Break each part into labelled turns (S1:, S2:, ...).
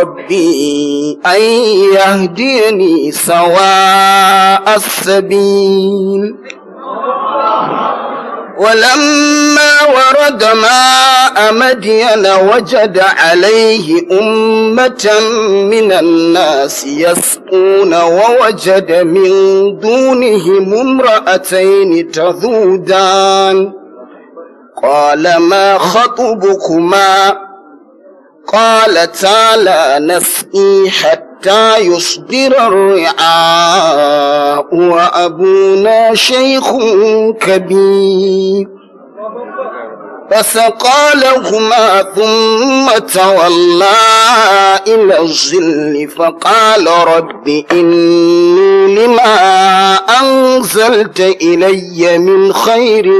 S1: ربي أن يهديني سواء السبيل ولما ورد ماء مدين وجد عليه أمة من الناس يسقون ووجد من دونهم امرأتين تذودان قال ما خطبكما قال تعالى نسقي حتى يصدر الرعاء وأبونا شيخ كبير فسقى لهما ثم تولى إلى الظل فقال رب إني لما أنزلت إلي من خير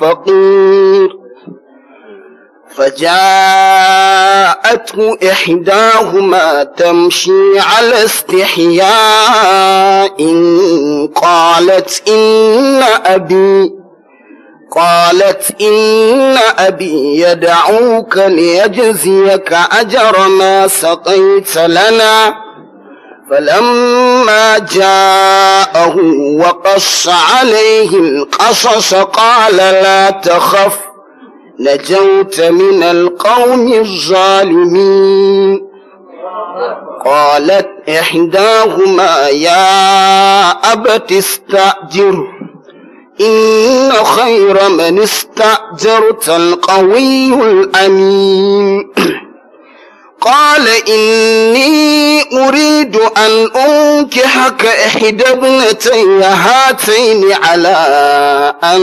S1: فقير فجاءته إحداهما تمشي على استحياء قالت إن أبي قالت إن أبي يدعوك ليجزيك أجر ما سقيت لنا فلما جاءه وقص عليه القصص قال لا تخف نجوت من القوم الظالمين قالت إحداهما يا أبت استأجره إن خير من استأجرت القوي الأمين قال إني أريد أن أنكحك إحدى ابنتي هاتين على أن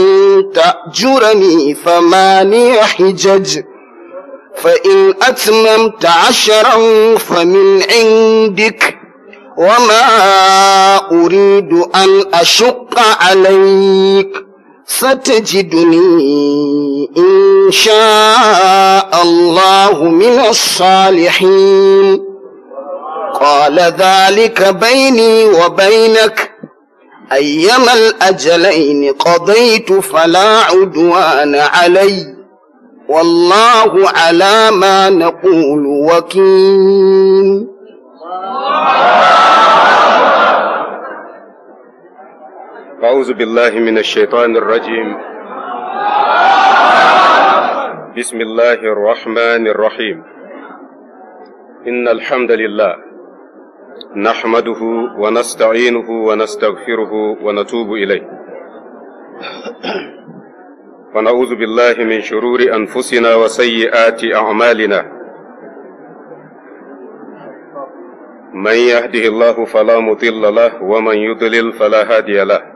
S1: تأجرني ثماني حجج فإن أتممت عشرا فمن عندك وما أريد أن أشق عليك ستجدني شاء الله من الصالحين قال ذلك بيني وبينك أيما الأجلين قضيت فلا عدوان علي والله على ما نقول وكيل
S2: أعوذ بالله من الشيطان الرجيم بسم الله الرحمن الرحيم إن الحمد لله نحمده ونستعينه ونستغفره ونتوب إليه ونعوذ بالله من شرور أنفسنا وسيئات أعمالنا من يهده الله فلا مضل له ومن يضلل فلا هادي له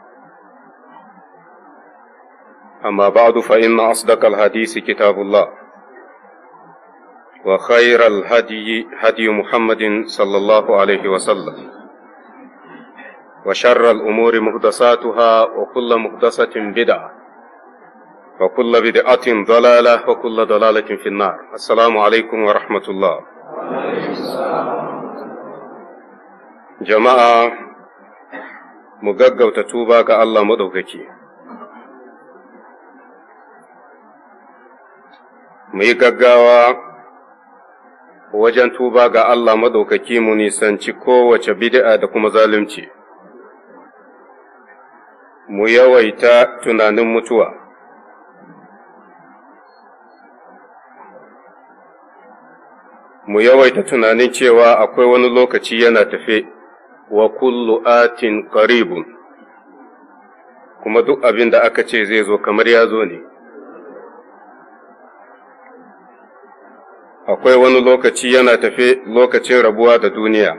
S2: أما بعد فإن أصدق الحديث كتاب الله وخير الهدي هدي محمد صلى الله عليه وسلم وشر الأمور محدثاتها وكل محدثة بدعة وكل بدعة ضلالة وكل ضلالة في النار السلام عليكم ورحمة الله جماعة مغغوتة توبة الله مدوكتي mu yi gaggawa wajen tuba ga Allah madaukaki mu nisanci kowace bid'a da kuma zalunci. Mu yawaita tunanin mutuwa. Mu yawaita tunanin cewa akwai wani lokaci yana tafe wa kullu atin qaribun kuma duk abin da aka ce zai zo kamar ya zo ne. akwai wani lokaci yana tafe lokacin rabuwa da duniya,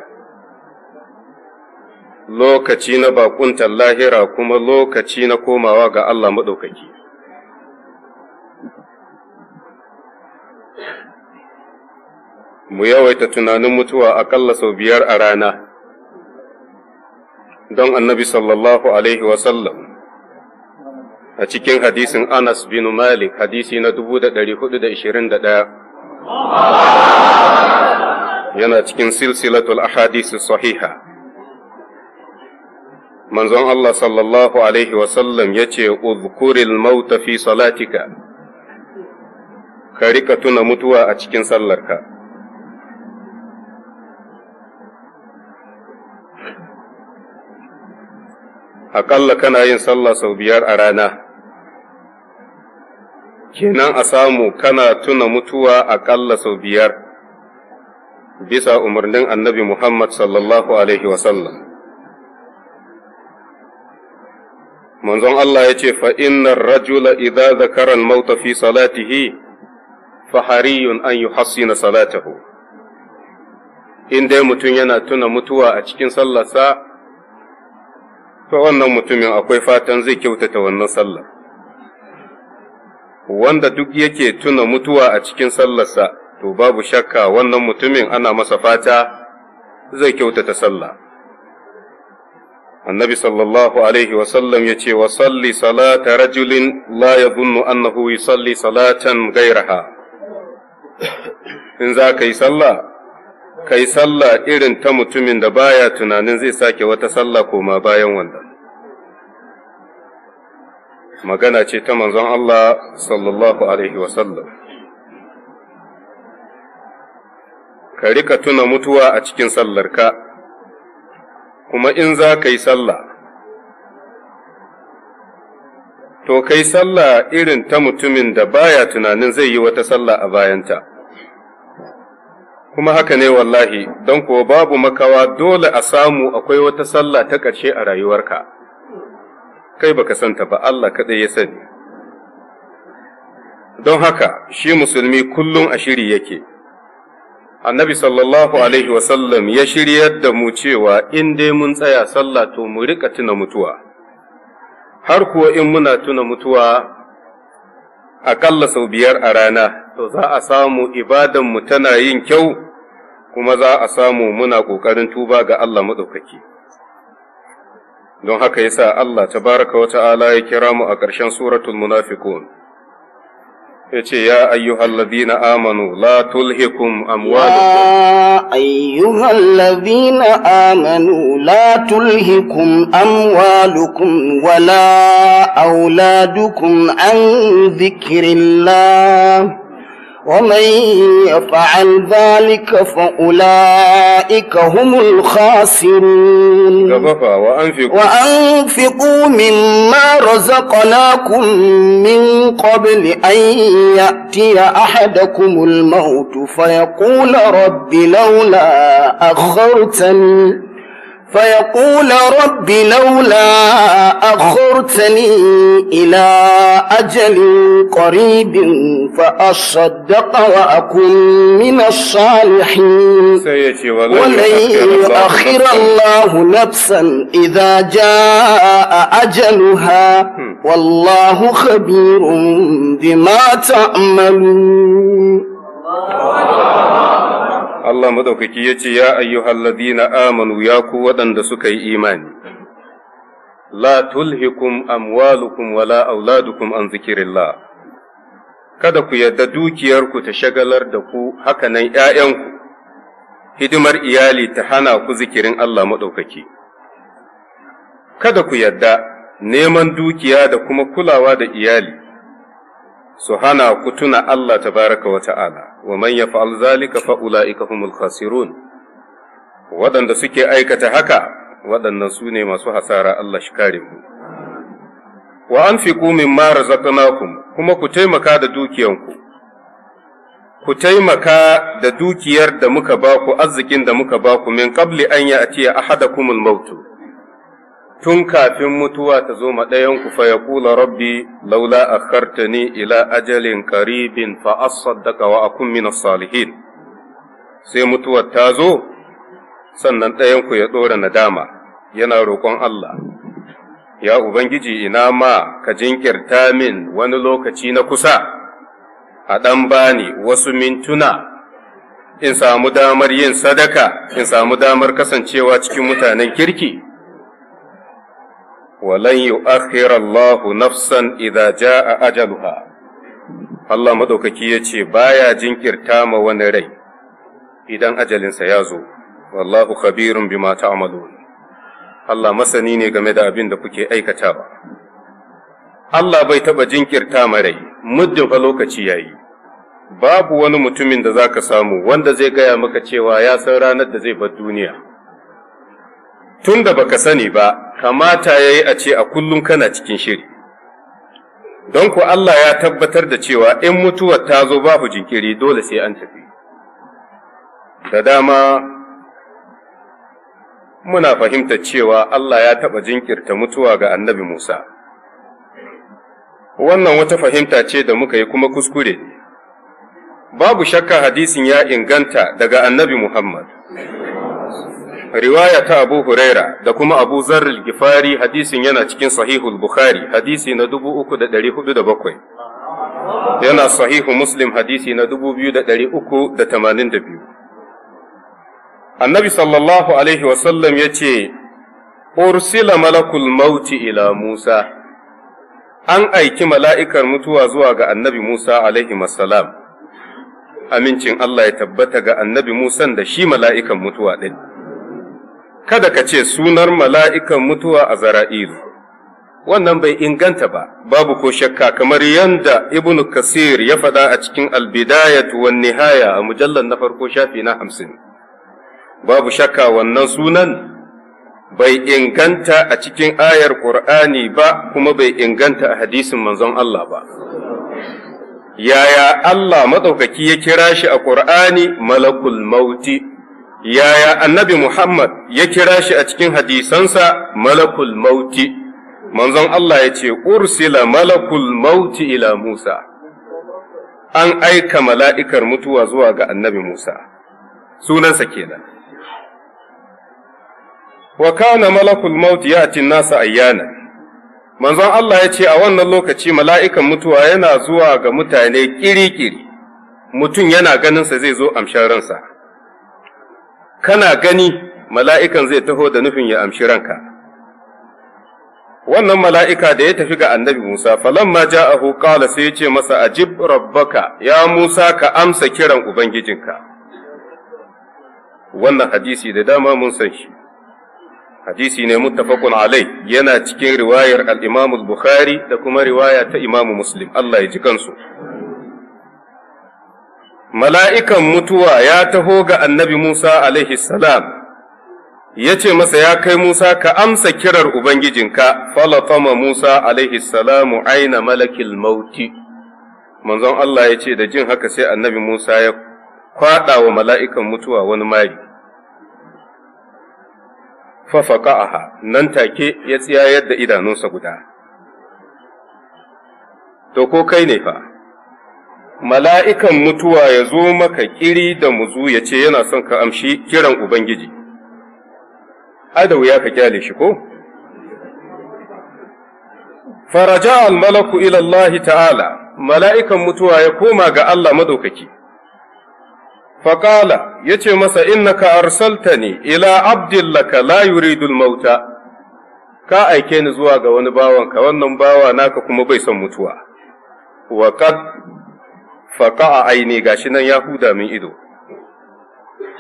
S2: lokaci na bakuntar lahira kuma lokaci na komawa ga Allah maɗaukaki. Mu yawaita tunanin mutuwa aƙalla sau biyar a rana, don annabi sallallahu Alaihi wasallam. a cikin hadisin Anas bin Malik hadisi na 421 yana cikin silsilatul ahadisi sahiha manzon Allah sallallahu alaihi wasallam ya ce uzkuril mauta fi salatika ka rika tuna mutuwa a cikin sallarka aƙalla kana yin sallah sau biyar a rana kenan a samu kana tuna mutuwa aƙalla sau biyar bisa umarnin annabi Muhammad sallallahu Alaihi wasallam. manzon Allah ya ce fainnan rajula idza zakaran mauta fi salatihi fahariyun an yi hassina salatahu in dai mutum yana tuna mutuwa a cikin sallarsa to wannan mutumin akwai fatan zai kyautata wannan sallar. wanda duk yake tuna mutuwa a cikin sallarsa to babu shakka wannan mutumin ana masa fata zai kyautata sallah annabi sallallahu alaihi ya ce wa salli salata rajulin la yadhunnu annahu yusalli salatan gairaha in za ka yi sallah sallah irin ta mutumin da baya tunanin zai sake wata sallah koma bayan wanda magana ce ta manzon Allah sallallahu alaihi wasallam ka rika tuna mutuwa a cikin sallarka kuma in za ka yi sallah to kai sallah irin ta mutumin da baya tunanin zai yi wata sallah a bayanta kuma haka ne wallahi don kuwa babu makawa dole a samu akwai wata sallah ta ƙarshe a rayuwarka kai baka santa ba Allah kaɗai ya sani. Don haka shi musulmi kullum a shiri yake, annabi sallallahu Alaihi wasallam ya shiryar da mu cewa in dai mun tsaya sallah to mu riƙa tuna mutuwa, har kuwa in muna tuna mutuwa aƙalla sau biyar a rana, to za a samu ibadanmu tana yin kyau, kuma za a samu muna ƙoƙarin tuba ga Allah maɗaukaki. don haka yasa Allah tabaraka wa ta'ala ya kira mu a ƙarshen suratul munafiqun yace ya ayyuhal ladina amanu la tulhikum amwalukum
S1: ya ayyuhal ladina amanu la tulhikum amwalukum wala auladukum an dhikrillah ومن يفعل ذلك فأولئك هم الخاسرون وأنفقوا, وأنفقوا مما رزقناكم من قبل أن يأتي أحدكم الموت فيقول رب لولا أخرتني فيقول رب لولا أخرتني إلى أجل قريب فأصدق وأكن من الصالحين
S2: ولن يؤخر
S1: الله نفسا إذا جاء أجلها والله خبير بما تعملون
S2: Allah madaukaki ya ce, Ya ayyuhalladina amanu ya ku waɗanda suka yi imani, la tulhikum amwalukum wala auladukum an zikirillah. Kada ku yadda dukiyarku ta shagalar da ku hakanan ’ya'yanku, hidimar iyali ta hana ku zikirin Allah maɗaukaki. Kada ku yadda neman dukiya da kuma kulawa da iyali su hana ku tuna Allah Ta baraka wa ta'ala. wa man yaf'al zalika fa ulaika humul khasirun waɗanda suke aikata haka waɗannan su ne masu hasara Allah shi kare mu wa anfiqu mimma razaqnakum kuma ku taimaka da dukiyanku ku taimaka da dukiyar da muka ba ku arzikin da muka ba ku min qabli an ya'tiya kumul mautu tun kafin mutuwa ta zo ma ɗayanku fa ya kula rabbi laula a kartani ila ajalin qaribin fa asaddaka wa akun min salihin sai mutuwar ta zo sannan ɗayanku ya ɗora nadama yana roƙon Allah ya ubangiji ina ma ka jinkirta min wani lokaci na kusa a ɗan bani wasu mintuna in samu damar yin sadaka in samu damar kasancewa cikin mutanen kirki walan yu'akhkhira Allahu nafsan idza jaa ajaluha Allah madaukaki yace baya jinkirta ma wani rai idan ajalinsa ya zo wallahu khabirun bima ta'malun Allah masani ne game da abin da kuke ba. Allah bai taba jinkirta ma rai muddin fa lokaci yayi babu wani mutumin da zaka samu wanda zai gaya maka cewa ya san ranar da zai bar duniya Tunda da baka sani ba kamata ya yi a ce a kullum kana cikin shiri. Don ku Allah ya tabbatar da cewa in mutuwar ta zo babu jinkiri dole sai an tafi. Da dama muna fahimta cewa Allah ya taɓa jinkirta mutuwa ga annabi Musa. Wannan wata fahimta ce da muka yi kuma kuskure. Babu shakka hadisin ya inganta daga annabi Muhammad. riwaya ta Abu Huraira da kuma Abu Zarr gifari hadisin yana cikin Sahihul Bukhari hadisi na 3407 yana Sahihu Muslim hadisi na 2382 Annabi sallallahu alaihi wasallam ya ce ursila malakul mauti ila Musa an aiki mala'ikar mutuwa zuwa ga Annabi Musa alaihi salam amincin Allah ya tabbata ga Annabi Musan da shi mala'ikan mutuwa ɗin. kada ka ce sunar mala'ikan mutuwa a zara'ilu, wannan bai inganta ba, babu ko shakka kamar yadda Ibn Kasir ya faɗa a cikin albidayat wa nihaya a mujallar na farko shafi na hamsin. Babu shakka wannan sunan bai inganta a cikin ayar Ƙur'ani ba kuma bai inganta a hadisin manzon Allah ba. Yaya Allah maɗaukaki ya kira shi a Ƙur'ani malakul mauti. yaya annabi Muhammad ya kira shi a cikin hadisansa malakul mauti, manzon Allah ya ce, Ursila malakul mauti ila Musa, an aika mala'ikar mutuwa zuwa ga annabi Musa, sunansa kenan. Wa kana malakul mauti ya ci nasa ayyana. Manzon Allah ya ce a wannan lokaci mala'ikan mutuwa yana zuwa ga mutane kiri-kiri, mutum yana ganinsa zai zo amsharansa. ransa. kana gani mala'ikan zai taho da nufin ya amshi ranka. Wannan mala'ika da ya tafi ga annabi Musa, falamma ja'ahu qala sai ce masa ajib rabbaka ya Musa ka amsa kiran Ubangijinka. Wannan hadisi da dama mun san shi. Hadisi ne muttafaqun alai yana cikin riwayar al bukhari da kuma riwaya ta Imam Muslim Allah ya ji kansu. mala'ikan mutuwa ya taho ga annabi Musa alaihi salam, ya ce masa ya kai Musa ka amsa kirar Ubangijinka, falatama Musa alaihi salamu aina malakil mauti. Manzon Allah ya ce da jin haka sai annabi Musa ya kwaɗa wa mala'ikan mutuwa wani mari. Fafaka'aha nan take ya tsiya yadda idanunsa guda. To ko kai ne fa? mala'ikan mutuwa ya zo maka kiri da muzu ya ce yana son ka amshi kiran Ubangiji, adawu ya ka kyale shi ko? Faraja al-malaku ilallahi ta'ala, mala'ikan mutuwa ya koma ga Allah madaukaki. Fakala ya ce masa arsalta ne ila abdillaka la yuridul mauta, ka aike ni zuwa ga wani bawanka wannan bawa naka kuma bai son mutuwa. Wa a aini gashi nan ya huda min ido.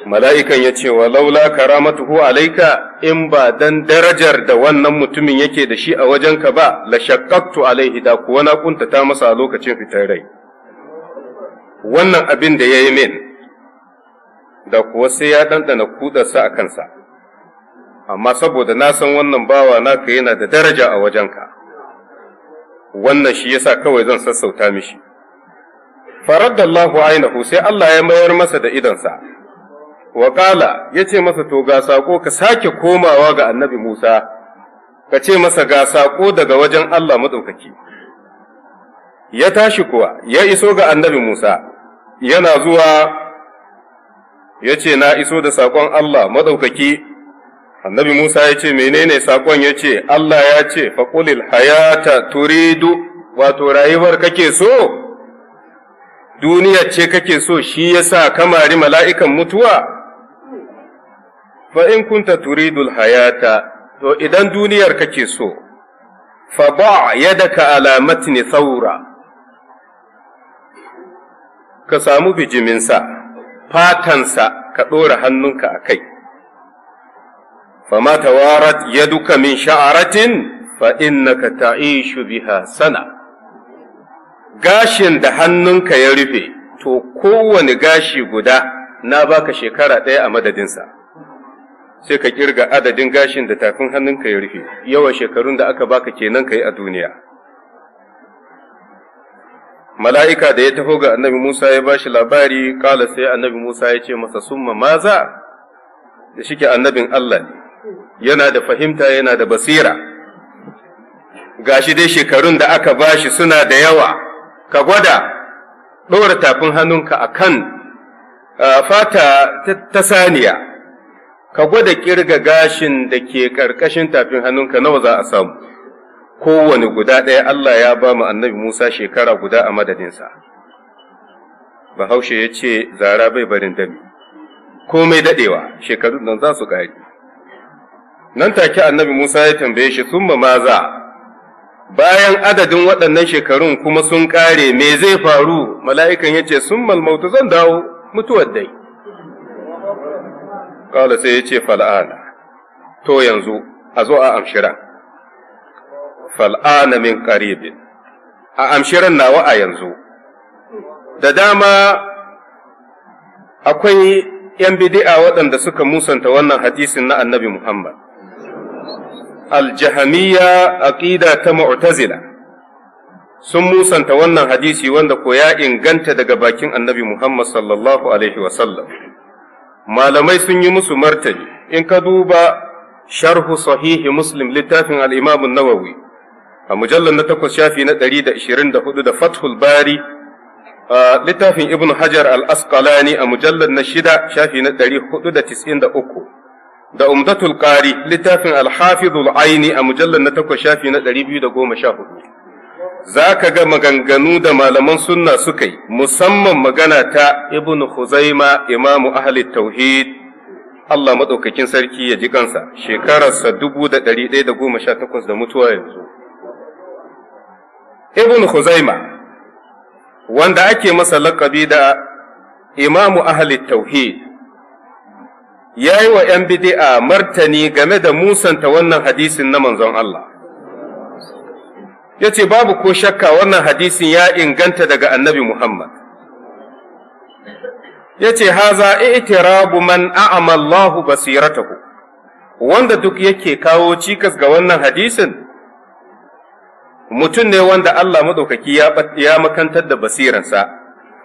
S2: Mala'ikan ya ce wa laula karamatuhu alaika in ba dan darajar da wannan mutumin yake da shi a wajenka ba la shaqqaqtu alaihi da kuwa na kuntata masa lokacin fitar rai. Wannan abin da ya yi min da kuwa sai ya ɗanɗana kudarsa a kansa. Amma saboda na san wannan bawa naka yana da daraja a wajenka. Wannan shi yasa kawai zan sassauta mishi. faraddallahu ainihu sai Allah ya mayar masa da idansa wa ƙala ya ce masa to ga saƙo ka sake komawa ga annabi Musa ka ce masa ga saƙo daga wajen Allah maɗaukaki ya tashi kuwa ya iso ga annabi Musa yana zuwa ya ce na iso da saƙon Allah maɗaukaki annabi Musa ya ce menene saƙon ya ce Allah ya ce faƙulil hayata turidu wato rayuwar kake so Duniyar ce kake so shi yasa kamari mala'ikan mutuwa? Fa in kunta turidul hayata, to idan duniyar kake so, fa ba yadaka alamat ne saura, ka samu bijiminsa, fatansa ka ɗora hannunka a kai. فما توارت min sha'aratin fa فإنك تعيش biha sana. gashin da hannunka ya rufe, to kowane gashi guda na baka shekara ɗaya a madadinsa. Sai ka kirga adadin gashin da tafin hannunka ya rufe, yawan shekarun da aka baka kenan ka yi a duniya. Mala'ika da ya taho ga annabi Musa ya ba shi labari, ƙala sai annabi Musa ya ce masa summa maza da shike annabin Allah ne, yana da fahimta yana da basira. gashi dai shekarun da aka ba shi suna da yawa ka gwada ɗora tafin hannunka a kan fata ta saniya, ka gwada ƙirga gashin da ke ƙarƙashin tafin hannunka nawa za a samu, kowane guda ɗaya Allah ya ba mu annabi Musa shekara guda a madadinsa. Bahaushe ya ce, zara bai barin dami, komai daɗewa, shekaru nan za su ƙari. Nan take annabi Musa ya tambaye shi, ma maza. bayan adadin waɗannan shekarun kuma sun ƙare me zai faru mala'ikan ya ce sun malmauta, zan dawo mutuwar dai ƙala sai ya ce fal'ana to yanzu a zo a amshira fal'ana min ƙaribin a amshiran nawa a yanzu da dama akwai ‘yan bidi'a waɗanda suka musanta wannan hadisin na annabi Muhammad. aljahamiya aqida ta mu'tazila sun musanta wannan hadisi wanda ko ya inganta daga bakin annabi Muhammad sallallahu alaihi wasallam malamai sun yi musu martani in ka duba sharhu sahihi muslim littafin al-imam an-nawawi a mujallar na takwas shafi na 124 da fathul bari littafin ibn hajar al-asqalani a mujallar na shida shafi na 493 da umdatul qari littafin alhafizul aini a mujallar na takwas shafi na 214 za ka ga maganganu da malaman sunna suka yi musamman magana ta ibn huzaima imamu ahli tauhid Allah maɗaukakin sarki ya ji kansa shekararsa 1118 da mutuwa yanzu ibn huzaima wanda ake masa laƙabi da imamu ahli tauhid ya yi wa ‘yan bidi'a martani game da musanta wannan hadisin na manzon Allah. Ya ce babu ko shakka wannan hadisin ya inganta daga annabi Muhammad. Ya ce, Haza itirabu man a'amallahu basiratahu wanda duk yake kawo cikas ga wannan hadisin, mutum ne wanda Allah maɗaukaki ya makantar da basiransa,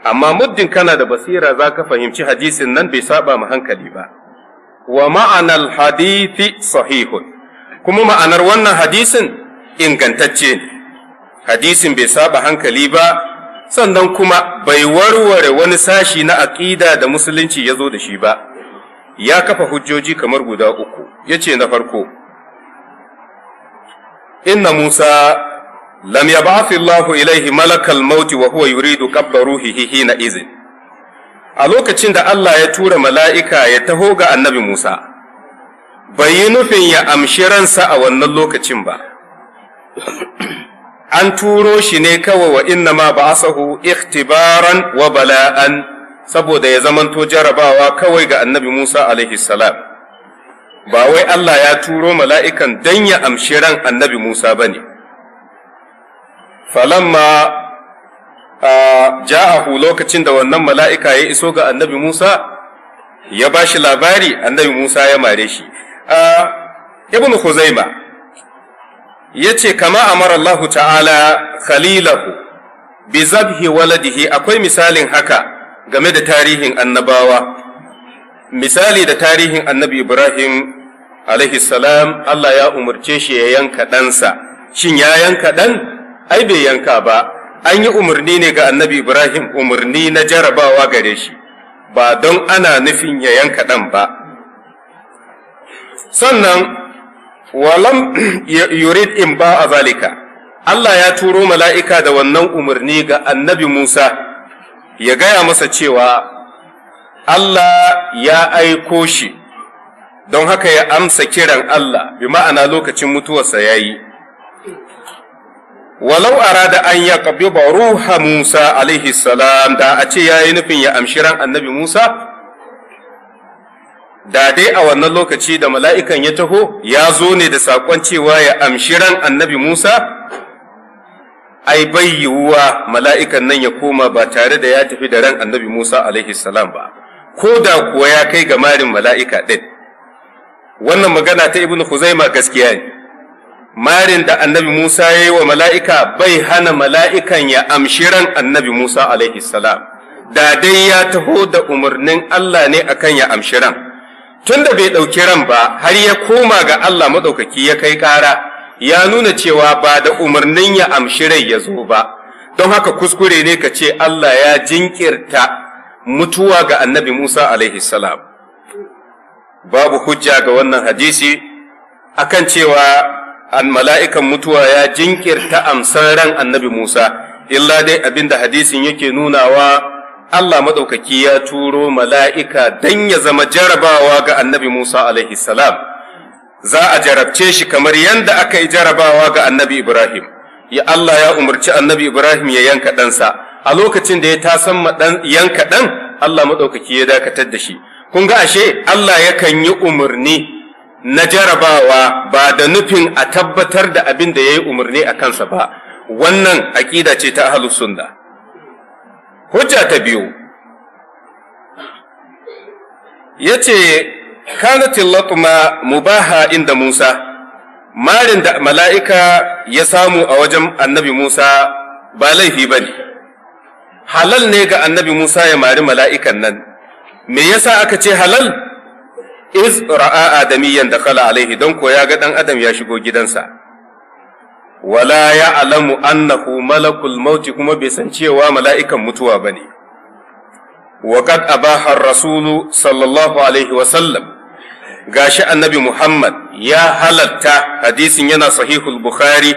S2: amma muddin kana da basira za ka fahimci hadisin nan bai saba mu hankali ba. wa ma'anar hadithi sahihun kuma ma'anar wannan hadisin ingantacce ne hadisin bai saba hankali ba sannan kuma bai warware wani sashi na aƙida da musulunci ya zo da shi ba ya kafa hujjoji kamar guda uku ya ce na farko inna musa lam yab'ath ilaihi malakal mauti wa huwa yuridu qabla ruhihi hina izin a lokacin da Allah ya tura mala'ika ya taho ga annabi Musa, bai yi nufin ya amshi ransa a wannan lokacin ba, an turo shi ne kawai wa inna ma ba asahu ikhtibaran wa bala'an saboda ya zamanto jarabawa kawai ga annabi Musa salam. ba wai Allah ya turo mala'ikan don ya amshi ran annabi Musa ba ne. Falamma ja'ahu lokacin da wannan mala'ika ya iso ga annabi Musa ya ba shi labari annabi Musa ya mare shi ibn Khuzaima ya ce kama amara Allah ta'ala khalilahu bi zabhi waladihi akwai misalin haka game da tarihin annabawa misali da tarihin annabi Ibrahim alaihi salam Allah ya umarce shi ya yanka ɗansa shin ya yanka ɗan ai bai yanka ba an yi umarni ne ga annabi Ibrahim umarni na jarabawa gare shi ba don ana nufin ya yanka ɗan ba sannan walam yurid in ba a zalika Allah ya turo mala'ika da wannan umarni ga annabi Musa ya gaya masa cewa Allah ya aiko shi don haka ya amsa kiran Allah bi ma'ana lokacin mutuwarsa ya yi walau arada an ya ba ruha Musa alaihi da a ce yayi nufin ya amshi ran annabi Musa da dai a wannan lokaci da mala'ikan ya taho ya zo ne da saƙon cewa ya amshi ran annabi Musa ai bai yiwuwa mala'ikan nan ya koma ba tare da ya tafi da ran annabi Musa alaihi salam ba ko da kuwa ya kai ga marin mala'ika ɗin wannan magana ta ibnu Huzaima gaskiya ne marin da annabi Musa ya yi wa mala'ika bai hana mala'ikan ya amshi ran annabi Musa alaihi salam, da dai ya taho da umarnin Allah ne akan ya amshi ran. Tun da bai ɗauki ran ba, har ya koma ga Allah maɗaukaki ya kai ƙara, ya nuna cewa ba da umarnin ya amshi rai ya zo ba, don haka kuskure ne ka ce Allah ya jinkirta mutuwa ga annabi Musa alaihi salam. Babu hujja ga wannan hadisi akan cewa an mala'ikan mutuwa ya jinkirta amsan ran annabi Musa, illa dai abinda hadisin yake nunawa Allah maɗaukaki ya turo mala'ika don ya zama jarabawa ga annabi Musa alaihi salam. Za a jarabce shi kamar yadda aka yi jarabawa ga annabi Ibrahim, ya Allah ya umarci annabi Ibrahim ya yanka ɗansa, a lokacin da ya tasan yanka ɗan, Allah maɗaukaki ya dakatar da shi. Kun ga ashe Allah yakan yi umarni na jarabawa ba da nufin a tabbatar da abin da ya yi umarni a kansa ba wannan aƙida ce ta ahalus sunna hujja ta biyu ya ce kanatin latuma mubaha inda musa marin da mala'ika ya samu a wajen annabi musa ba laifi ba ne halal ne ga annabi musa ya mari mala'ikan nan me yasa aka ce halal iz ra'a adamiyan da kala alaihi don ko ya ga dan adam ya shigo gidansa wala ya alamu annahu malakul mauti kuma bai san cewa mala'ikan mutuwa bane wa qad abaha rasulu sallallahu alaihi wa sallam gashi annabi muhammad ya halatta hadisin yana sahihul bukhari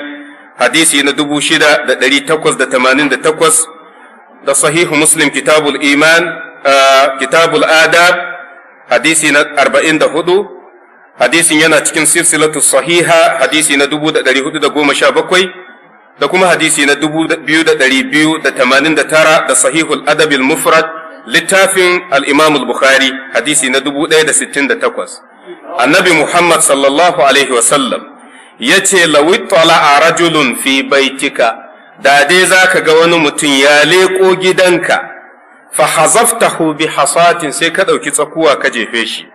S2: hadisi na 6888 da sahihu muslim kitabul iman ah, kitabul adab hadisi na 44 hadisin yana cikin silsilatu sahiha hadisi na 417 da kuma hadisi na 2289 da sahihul adabil mufrad littafin al-imam al-bukhari hadisi na 1068 annabi muhammad sallallahu alaihi wasallam ya ce lawittala a rajulun fi baitika da dai za ka ga wani mutum ya leƙo gidanka fa hazaftahu bi hasatin sai ka ɗauki tsakuwa ka jefe shi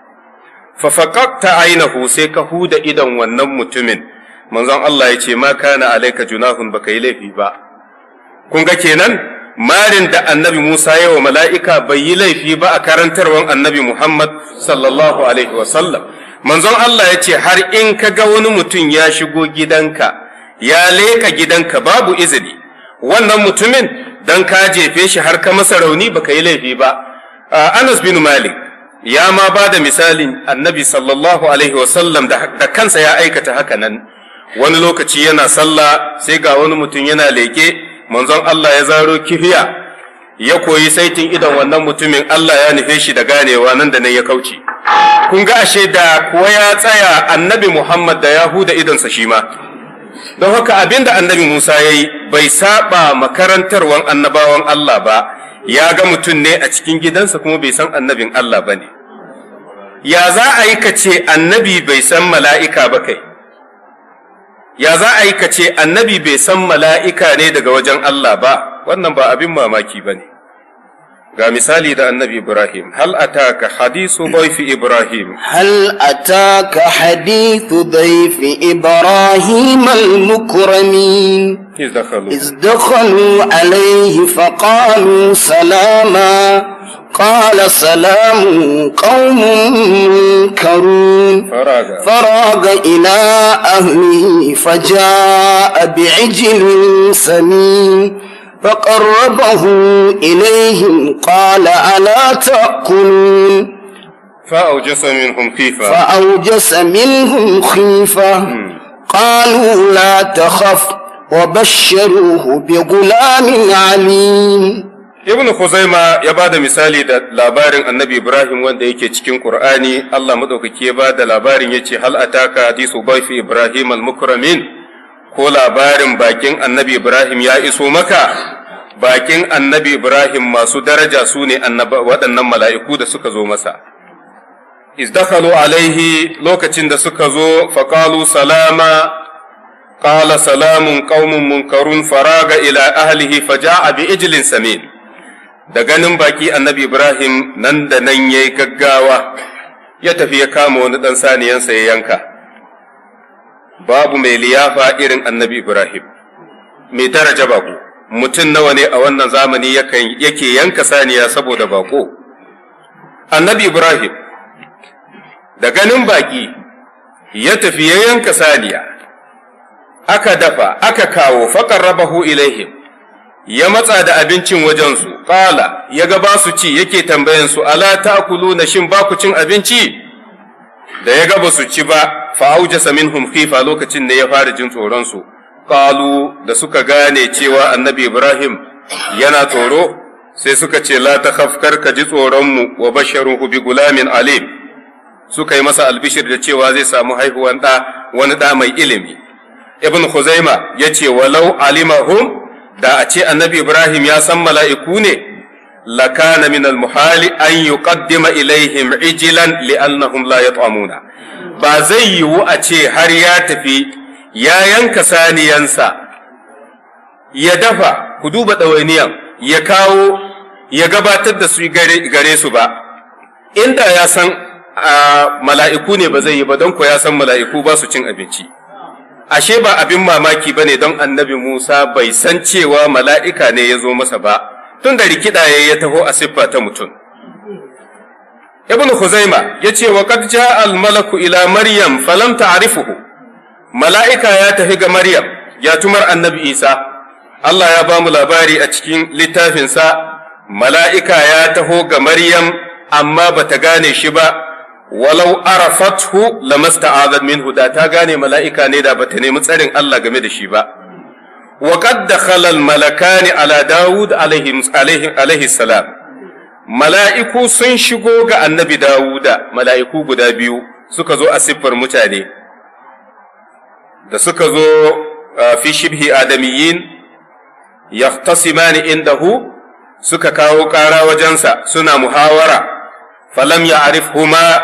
S2: fa faqaqta ainahu sai ka huda idan wannan mutumin manzon Allah ya ce ma kana alaika junahun baka yi laifi ba kun ga kenan marin da annabi Musa ya wa mala'ika bai yi laifi ba a karantarwan annabi Muhammad sallallahu alaihi sallam. manzon Allah ya ce har in ka ga wani mutum ya shigo gidanka ya leka gidanka babu izini wannan mutumin dan ka jefe shi har ka masa rauni baka yi laifi ba Anas bin Malik ya ma ba da misalin annabi sallallahu alaihi wasallam da kansa ya aikata haka nan wani lokaci yana sallah sai ga wani mutum yana leke manzon Allah ya zaro kifiya ya koyi saitin idan wannan mutumin Allah ya nufe shi da ganewa nan da nan ya kauce kun ga ashe da kuwa ya tsaya annabi Muhammad da Yahuda idansa shi ma don haka abin da annabi Musa ya yi bai saba makarantarwan annabawan Allah ba ya ga mutum ne a cikin gidansa kuma bai san annabin Allah ba ne ya za a yi ka ce annabi bai san mala'ika ba kai ya za a yi ka ce annabi bai san mala'ika ne daga wajen Allah ba wannan ba abin mamaki ba ne ga misali da annabi Ibrahim hal ataka hadithu dhaifi Ibrahim
S1: hal ataka hadithu dhaifi Ibrahim al-mukramin
S2: إذ دخلوا إذ
S1: دخلوا عليه فقالوا سلاما قال سلام قوم منكرون فراغ, فراغ إلى أهله فجاء بعجل سمين فقربه إليهم قال ألا تأكلون
S2: فأوجس منهم خيفة
S1: فأوجس منهم خيفة م. قالوا لا تخف وبشروه بغلام عليم
S2: ibn Khuzaima ya ba da misali da labarin annabi Ibrahim wanda yake cikin Qur'ani Allah madaukaki ya ba da labarin ya ce hal ataka hadisu bayfi Ibrahim al ko labarin bakin annabi Ibrahim ya iso maka bakin annabi Ibrahim masu daraja su ne waɗannan mala'iku da suka zo masa. Izdakalu alaihi lokacin da suka zo faƙalu salama, ƙala salamun ƙaumin munkarun faraga ila ahlihi faja bi ijilin samin. Da ganin baki annabi Ibrahim nan da nan ya yi gaggawa, ya tafi ya kama wani ɗan saniyansa ya yanka. babu mai liyafa irin annabi Ibrahim, mai daraja bako, mutum nawa ne a wannan zamani yake yanka saniya saboda bako. Annabi Ibrahim, da ganin baki ya tafi ya yanka saniya, aka dafa, aka kawo, faƙar rabahu ilaihim, ya matsa da abincin wajensu, ƙala, ya ga ba su ci yake tambayansu, ala ta na shin ba ku cin abinci? da ya ga su ci ba fa aujasa minhum khifa lokacin da ya fara jin tsoron su qalu da suka gane cewa annabi ibrahim yana tsoro sai suka ce la ta kar ka ji tsoron mu wa basharuhu bi gulamin alim suka yi masa albishir da cewa zai samu haihuwan ɗa wani da mai ilimi ibn khuzaima ya ce walau alimahum da a ce annabi ibrahim ya san mala'iku ne lakana min almuhali an yuqaddima ilaihim ijilan li'annahum la yat'amuna ba zai yiwu a ce har ya tafi ya yanka saniyansa ya dafa ku duba ɗawainiyan ya kawo ya gabatar da su gare su ba inda ya san mala'iku ne ba zai yi ba don ko ya san mala'iku ba su cin abinci ashe ba abin mamaki ba ne don annabi musa bai san cewa mala'ika ne ya zo masa ba tun da rikida ya taho a siffa ta mutum ibn Huzaima ya ce wa qad al-malaku ila maryam falam ta'rifuhu mala'ika ya tafi ga maryam ya tumar annabi isa Allah ya ba mu labari a cikin littafinsa mala'ika ya taho ga maryam amma bata gane shi ba walau arafathu lamasta'azat minhu da ta gane mala'ika ne da bata nemi tsarin Allah game da shi ba wa da dakhala al malakani ala salam mala'iku sun shigo ga annabi dawuda mala'iku guda biyu suka zo a siffar mutane da suka zo fi shibhi adamiyin yahtasimani hu, suka kawo ƙara wajensa suna muhawara falam ya arif huma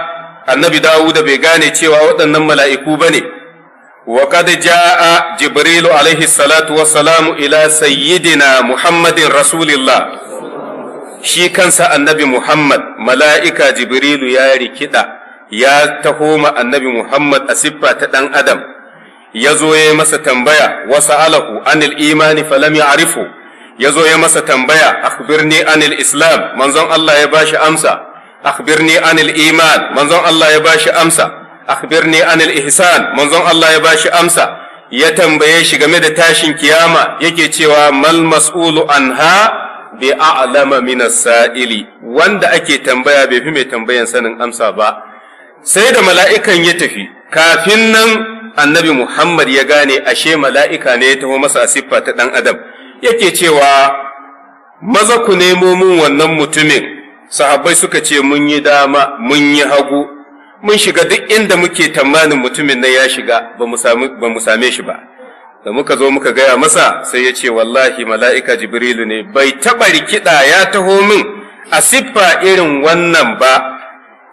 S2: annabi dawuda bai gane cewa waɗannan mala'iku ba ne وقد جاء جبريل عليه الصلاة والسلام إلى سيدنا محمد رسول الله shi kansa annabi Muhammad mala'ika Jibrilu ya rikiɗa. ya taho ma annabi Muhammad a siffa ta ɗan Adam, ya zo ya masa tambaya wasu alahu anil imani falam ya arifu, ya zo ya masa tambaya akhbirni anil Islam manzon Allah ya bashi amsa, akhbirni anil iman manzon Allah ya ba shi amsa. akhbirni anil ihsan manzon Allah ya bashi amsa ya tambaye shi game da tashin kiyama yake cewa mal mas'ulu anha bi a'lama min sa'ili wanda ake tambaya bai fi mai tambayan sanin amsa ba
S1: sai da mala'ikan
S2: ya tafi kafin nan annabi Muhammad ya gane ashe mala'ika ne ya taho masa siffa ta ɗan adam yake cewa maza ku nemo mun wannan mutumin sahabbai suka ce mun yi dama mun yi hagu mun shiga duk inda muke tamanin mutumin nan ya shiga ba mu same shi ba da muka zo muka gaya masa sai ya ce wallahi mala'ika jibrilu ne bai taɓa rikida ya taho min a siffa irin wannan ba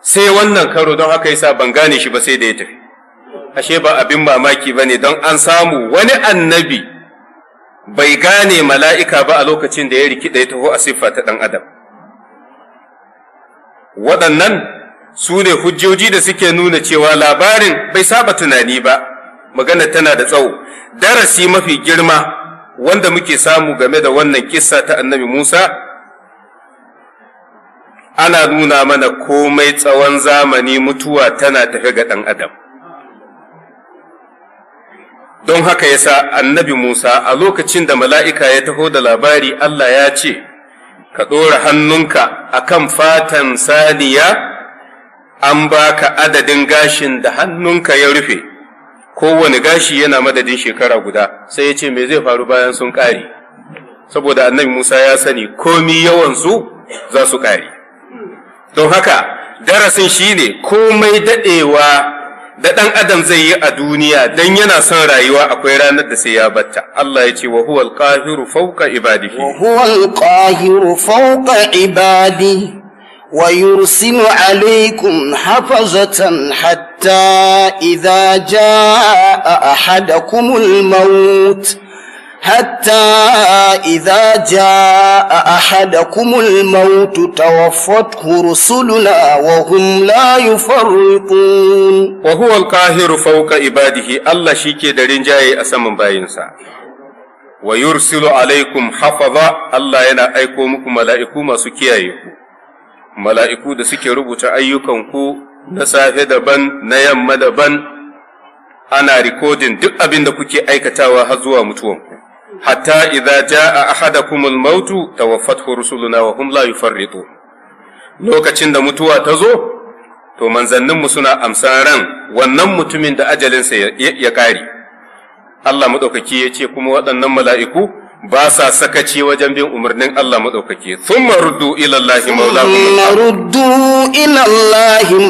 S2: sai wannan karo don haka yasa ban gane shi ba sai da ya tafi ashe ba abin mamaki ba ne don an samu wani annabi bai gane mala'ika ba a lokacin da ya rikida ya taho a siffa ta ɗan adam waɗannan su ne hujjoji da suke nuna cewa labarin bai saba tunani ba magana tana da tsawo darasi mafi girma wanda muke samu game da wannan kisa ta annabi Musa ana nuna mana komai tsawon zamani mutuwa tana tafe ga ɗan adam don haka yasa annabi Musa a lokacin da mala'ika ya taho da labari Allah ya ce ka ɗora hannunka a kan fatan saniya an baka adadin gashin da hannunka ya rufe kowane gashi yana madadin shekara guda sai ya ce me zai faru bayan sun ƙare saboda annabi Musa ya sani komi yawan su za su ƙare don haka darasin shine komai daɗewa da ɗan adam zai yi a duniya don yana son rayuwa akwai ranar da sai ya batta Allah ya ce wa huwal alqahiru fawqa ibadihi wa
S1: fawqa ibadihi ويرسل عليكم حفظة حتى إذا جاء أحدكم الموت حتى إذا جاء أحدكم الموت توفته رسلنا وهم لا يفرقون وهو القاهر فوق
S2: عباده الله شيكي درين جاي أسمن باينسا ويرسل عليكم حفظة الله ينا أيكم ملائكم سكيايكم mala'iku da suke rubuta ayyukanku na safe daban na yamma daban ana rikodin duk abin da kuke aikatawa har zuwa mutuwanku hatta idza jaa ahadakumul mautu tawaffathu rusuluna wa hum la yufarritu lokacin da mutuwa ta zo to manzanninmu suna amsan ran wannan mutumin da ajalinsa ya ƙare Allah maɗaukaki ya ce kuma waɗannan mala'iku ba sa sakaci wajen bin umarnin Allah maɗaukaki sun maruddu ilallahi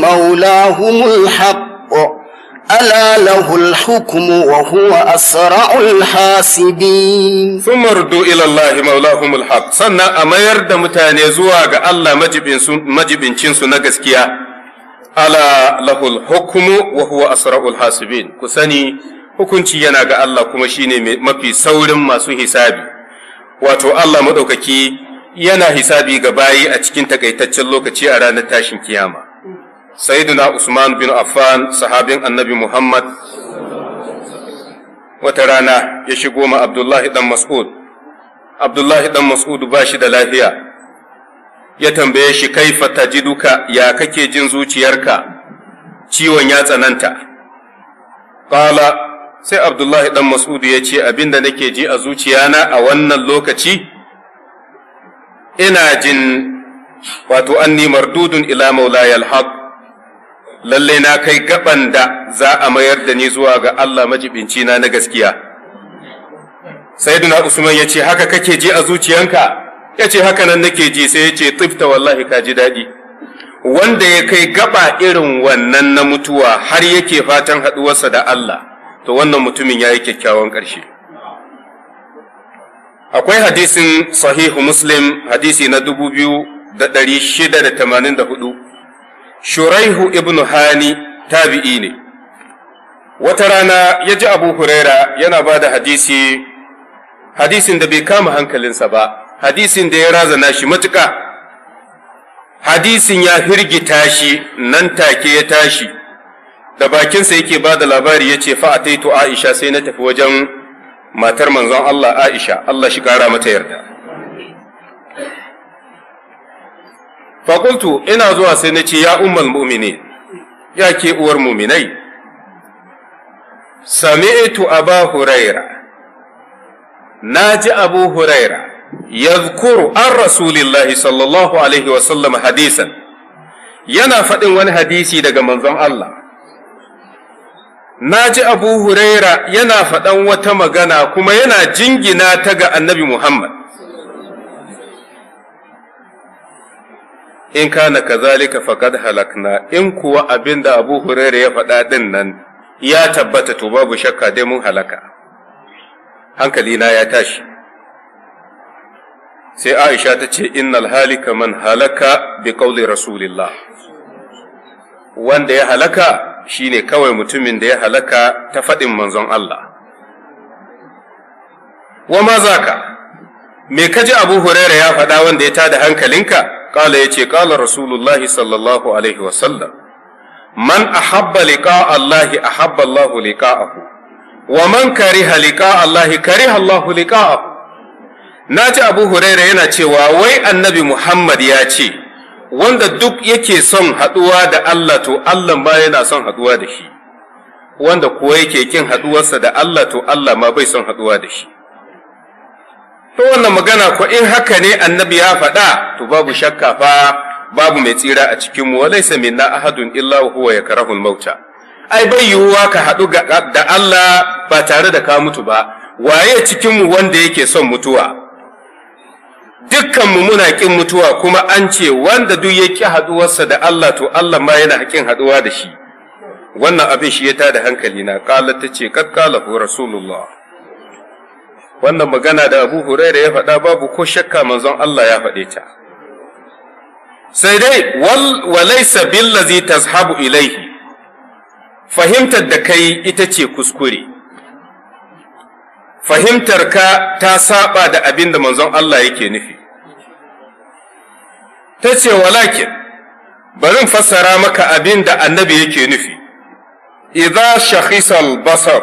S1: maulahumul haqq ala lahul hukmu wa huwa asra'ul hasibin sun maruddu
S2: ilallahi maulahumul haqq sannan a mayar da mutane zuwa ga Allah majibincin su na gaskiya ala lahul hukmu wa huwa asra'ul hasibin ku sani hukunci yana ga Allah kuma shine mafi saurin masu hisabi wato Allah maɗaukaki yana hisabi ga bayi a cikin takaitaccen lokaci a ranar tashin kiyama sayyiduna usman bin affan sahabin annabi muhammad wata rana ya shigo ma abdullahi ɗan mas'ud abdullahi dan mas'ud ba shi da lafiya ya tambaye shi kai ji duka. ya kake jin zuciyarka ciwon ya tsananta qala sai Abdullahi ɗan Mas'ud ya ce abin da nake ji a zuciyana a wannan lokaci, ina jin wato anni mardudun ila maulaya alhaq lalle na kai gaban da za a mayar da ni zuwa ga Allah majibinci na na gaskiya. Sayyiduna Usman ya ce haka kake ji a zuciyanka, ya ce haka nan nake ji sai ya ce tsifta wallahi ka ji daɗi. Wanda ya kai gaba irin wannan na mutuwa har yake fatan haɗuwarsa da Allah. to wannan mutumin ya yi kyakkyawan ƙarshe. Akwai hadisin sahihu Muslim hadisi na dubu biyu da ɗari shida da tamanin da hudu, Shuraihu ibn Hani tabi'i ne. Wata rana ya ji Abu Huraira yana ba da hadisi, hadisin da bai kama hankalinsa ba, hadisin da ya razana shi matuka. Hadisin ya hirgita shi nan take ya tashi. da bakinsa yake ba da labari ya ce fa'ataitu Aisha sai na tafi wajen matar manzon Allah Aisha, Allah shi ƙara mata yarda. Fakultu ina zuwa sai na ce ya umar mumini, ya ke uwar muminai, sami'tu aba Huraira, na ji abu Huraira, yadhkuru an Rasulillahi sallallahu Alaihi wasallam hadisan, yana faɗin wani hadisi daga manzon Allah. na ji abu huraira yana faɗan wata magana kuma yana jingina ta ga annabi muhammad in kana kazalika faqad halakna in kuwa abinda abu huraira ya faɗa ɗin nan ya tabbata to babu shakka dai mun halaka hankalina ya tashi sai aisha ta ce innal halika man halaka bi qawli rasulillah wanda ya halaka Shi ne kawai mutumin da ya halaka ta faɗin manzon Allah. Wa ma za ka, me ka ji Abu Huraira ya faɗa wanda ya tada hankalinka? Ƙala ya ce, ƙala Rasulullahi sallallahu Alaihi wasallam, man a ahabba liƙa Allahi ahabba Allahu liƙa'ahu, wa man kariha liƙa Allahi kariha Allahu liƙa'ahu. Na ji Abu Huraira yana cewa wai annabi Muhammad ya ce, wanda duk yake son haɗuwa da Allah to Allah ma yana son haɗuwa da shi wanda kuwa yake kin haɗuwarsa da Allah to Allah ma bai son haɗuwa da shi to wannan magana ko in haka ne annabi ya faɗa to babu shakka fa babu mai tsira a cikin mu walaysa minna ahadun illa huwa yakrahu al-mauta
S3: ai bai yiwuwa ka haɗu
S2: da Allah ba tare da ka mutu ba waye cikin mu wanda yake son mutuwa dukkanmu muna kin mutuwa kuma an ce wanda duk ya ki haduwarsa da Allah to Allah ma yana hakin haduwa da shi wannan abin shi ya tada hankali na kala ta ce kakkala hu rasulullah wannan magana da abu huraira ya faɗa babu ko shakka manzon Allah ya faɗe ta sai dai walaysa billazi tazhabu ilaihi fahimtar da kai ita ce kuskure fahimtarka ta saba da abin da manzon Allah yake nufi ta ce walakin barin fassara maka abin da annabi yake nufi idza shakhisal basar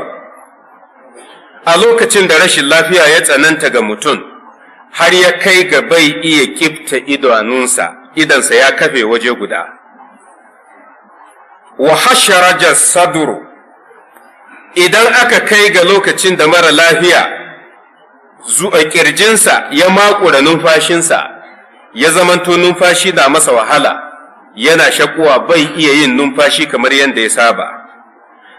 S2: a lokacin da rashin lafiya ya tsananta ga mutum har ya kai ga bai iya kifta idanunsa idansa ya kafe waje guda wa hasharaja saduru idan aka kai ga lokacin da mara lafiya zuwa kirjinsa ya makura numfashinsa ya zamanto numfashi na masa wahala yana shakuwa bai iya yin numfashi kamar yadda ya saba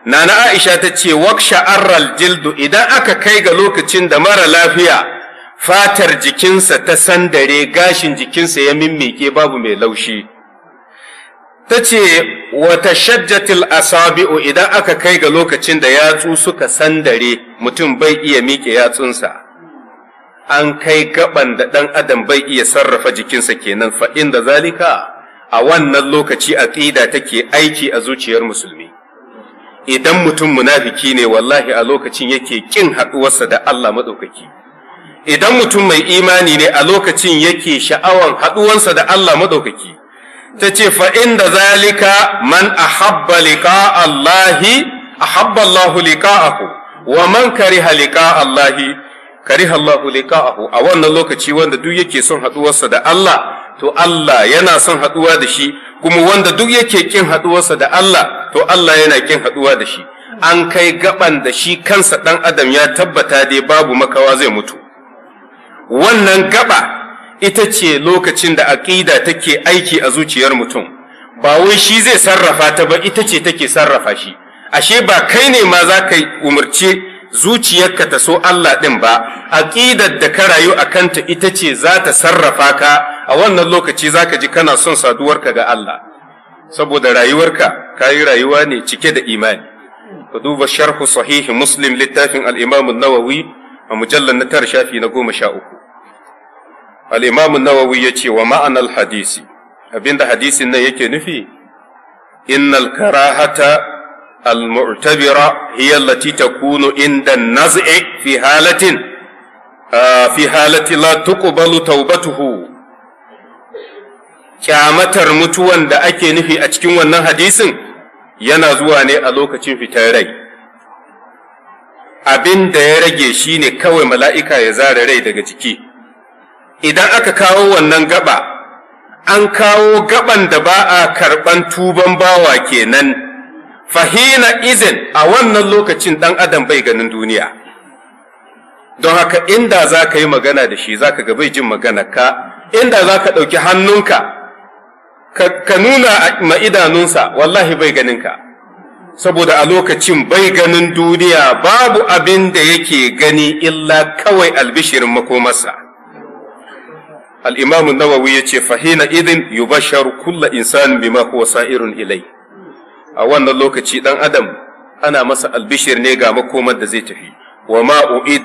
S2: nana aisha ta ce waksha arral jildu idan aka kai ga lokacin da mara lafiya fatar jikinsa ta sandare gashin jikinsa ya mimmike babu mai laushi ta ce wata shajjatil asabi'u idan aka kai ga lokacin da yatsu suka sandare mutum bai iya miƙe yatsunsa an kai gaban da ɗan adam bai iya sarrafa jikinsa kenan fa inda zalika a wannan lokaci aƙida take aiki a zuciyar musulmi idan mutum munafiki ne wallahi a lokacin yake kin haɗuwarsa da Allah maɗaukaki idan mutum mai imani ne a lokacin yake sha'awan haɗuwarsa da Allah maɗaukaki ta ce fa inda zalika man ahabba liqa Allahi ahabba Allahu liqa'ahu wa man kari halika Allahi kariha Allahu liqa'ahu a wannan lokaci wanda duk yake son haduwarsa da Allah to Allah yana son haduwa da shi kuma wanda duk yake kin haduwarsa da Allah to Allah yana kin haduwa da shi an kai gaban da shi kansa dan adam ya tabbata dai babu makawa zai mutu wannan gaba ita ce lokacin da aqida take aiki a zuciyar mutum ba wai shi zai sarrafa ta ba ita ce take sarrafa shi ashe ba kai ne ma za ka umurce zuciyarka ta so Allah ɗin ba, aƙidar da ka rayu a kanta ita ce za ta sarrafa ka a wannan lokaci za ka ji kana son saduwarka ga Allah, saboda rayuwarka ka yi rayuwa ne cike da imani. Ka duba sharhu sahihi Muslim littafin al'imamu Nawawi a mujallar na tara shafi na goma sha uku. Al'imamu Nawawi ya ce wa ma'anar hadisi, abinda hadisin nan yake nufi, innal karahata المعتبرة هي التي تكون عند النزع في حالة في حالة لا تقبل توبته kyamatar mutuwan da ake nufi a cikin wannan hadisin yana zuwa ne a lokacin fitar rai abin da ya rage shi ne kawai mala'ika ya zara rai daga jiki idan aka kawo wannan gaba an kawo gaban da ba a karɓan tuban bawa kenan fahina izin a wannan lokacin ɗan adam bai ganin duniya don haka inda za ka yi magana da shi za ka ga bai jin magana ka inda za ka ɗauki hannunka ka nuna ma idanunsa wallahi bai ganin ka saboda a lokacin bai ganin duniya babu abin da yake gani illa kawai albishirin makomarsa al'imamun nawawi ya ce fahina idin yubashar kulla insan bima huwa sa'irun ilai a wannan lokaci ɗan adam ana masa albishir ne ga makomar da zai tafi wa ma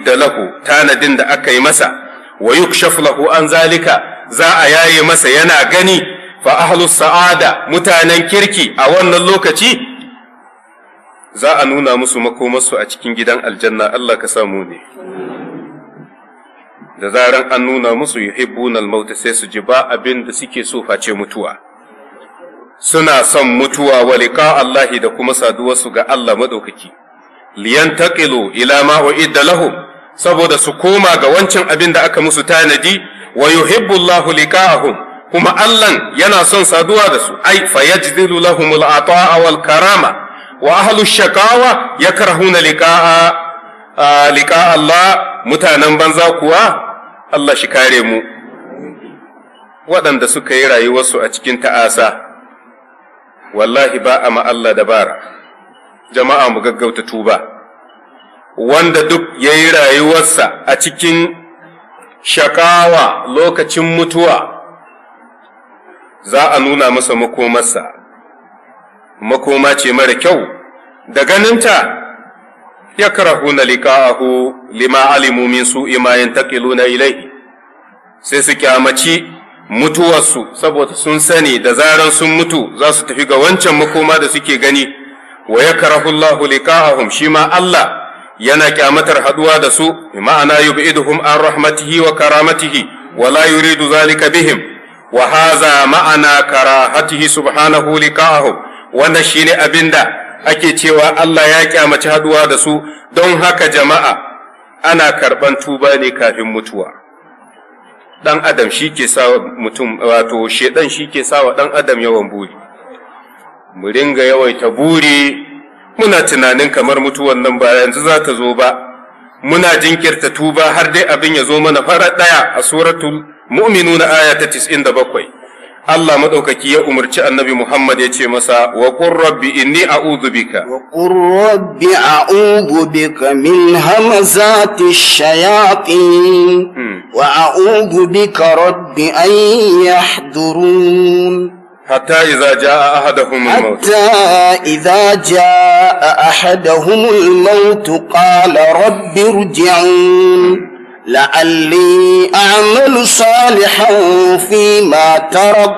S2: da lahu tanadin da aka yi masa wa yukshaf lahu an zalika za a yaye masa yana gani fa ahlus sa'ada mutanen kirki a wannan lokaci za a nuna musu makomarsu a cikin gidan aljanna Allah ka samu ne da zaran an nuna musu yuhibbunal mauta sai su ji ba abin da suke so face mutuwa suna son mutuwa wa liqa Allahi da kuma saduwarsu ga Allah madaukaki liyantaqilu ila ma uidda lahum saboda su koma ga wancan abin da aka musu tanadi wa yuhibbu Allahu liqa'ahum kuma Allah yana son saduwa da su ai lahum al ata'a wal karama wa ahlu shakawa yakrahuna liqa'a liqa'a Allah mutanen banza kuwa Allah shi kare mu waɗanda suka yi rayuwarsu a cikin ta'asa wallahi ba a Allah dabara jama'a mu gaggauta tuba wanda duk ya yi rayuwarsa a cikin shakawa lokacin mutuwa za a nuna masa makomarsa makoma ce mara kyau da ganinta ya karahuna liqa'ahu lima alimu min su'i ma yantaqiluna ilayhi sai su kyamaci mutuwarsu saboda sun sani da zaran sun mutu za su tafi ga wancan makoma da suke gani wa yakrahullahu liqa'ahum shi ma Allah yana kyamatar haduwa da su ma'ana yub'iduhum an rahmatihi wa karamatihi wa la yuridu zalika bihim wa hadha ma'ana karahatihi subhanahu liqa'ahum wannan shine abinda ake cewa Allah ya kyamaci haduwa da su don haka jama'a ana karban tuba ne kafin mutuwa Ɗan adam shi ke sa mutum wato shedan shi ke sa wa dan adam yawan buri mu ringa yawaita buri muna tunanin kamar mutuwan nan ba yanzu za ta zo ba muna jinkirta tuba har dai abin ya zo mana farar ɗaya a suratul mu'minuna aya ta 97 Allah maɗaukaki ya umarci annabi Muhammad ya ce masa wa qur rabbi inni a'udhu bika wa
S1: qur rabbi a'udhu bika min hamazati shayatin hmm. wa a'udhu bika rabbi an yahdurun حتى إذا
S2: جاء أحدهم الموت
S1: حتى إذا جاء أحدهم الموت قال رب ارجعون لعلي أعمل صالحا فيما ترك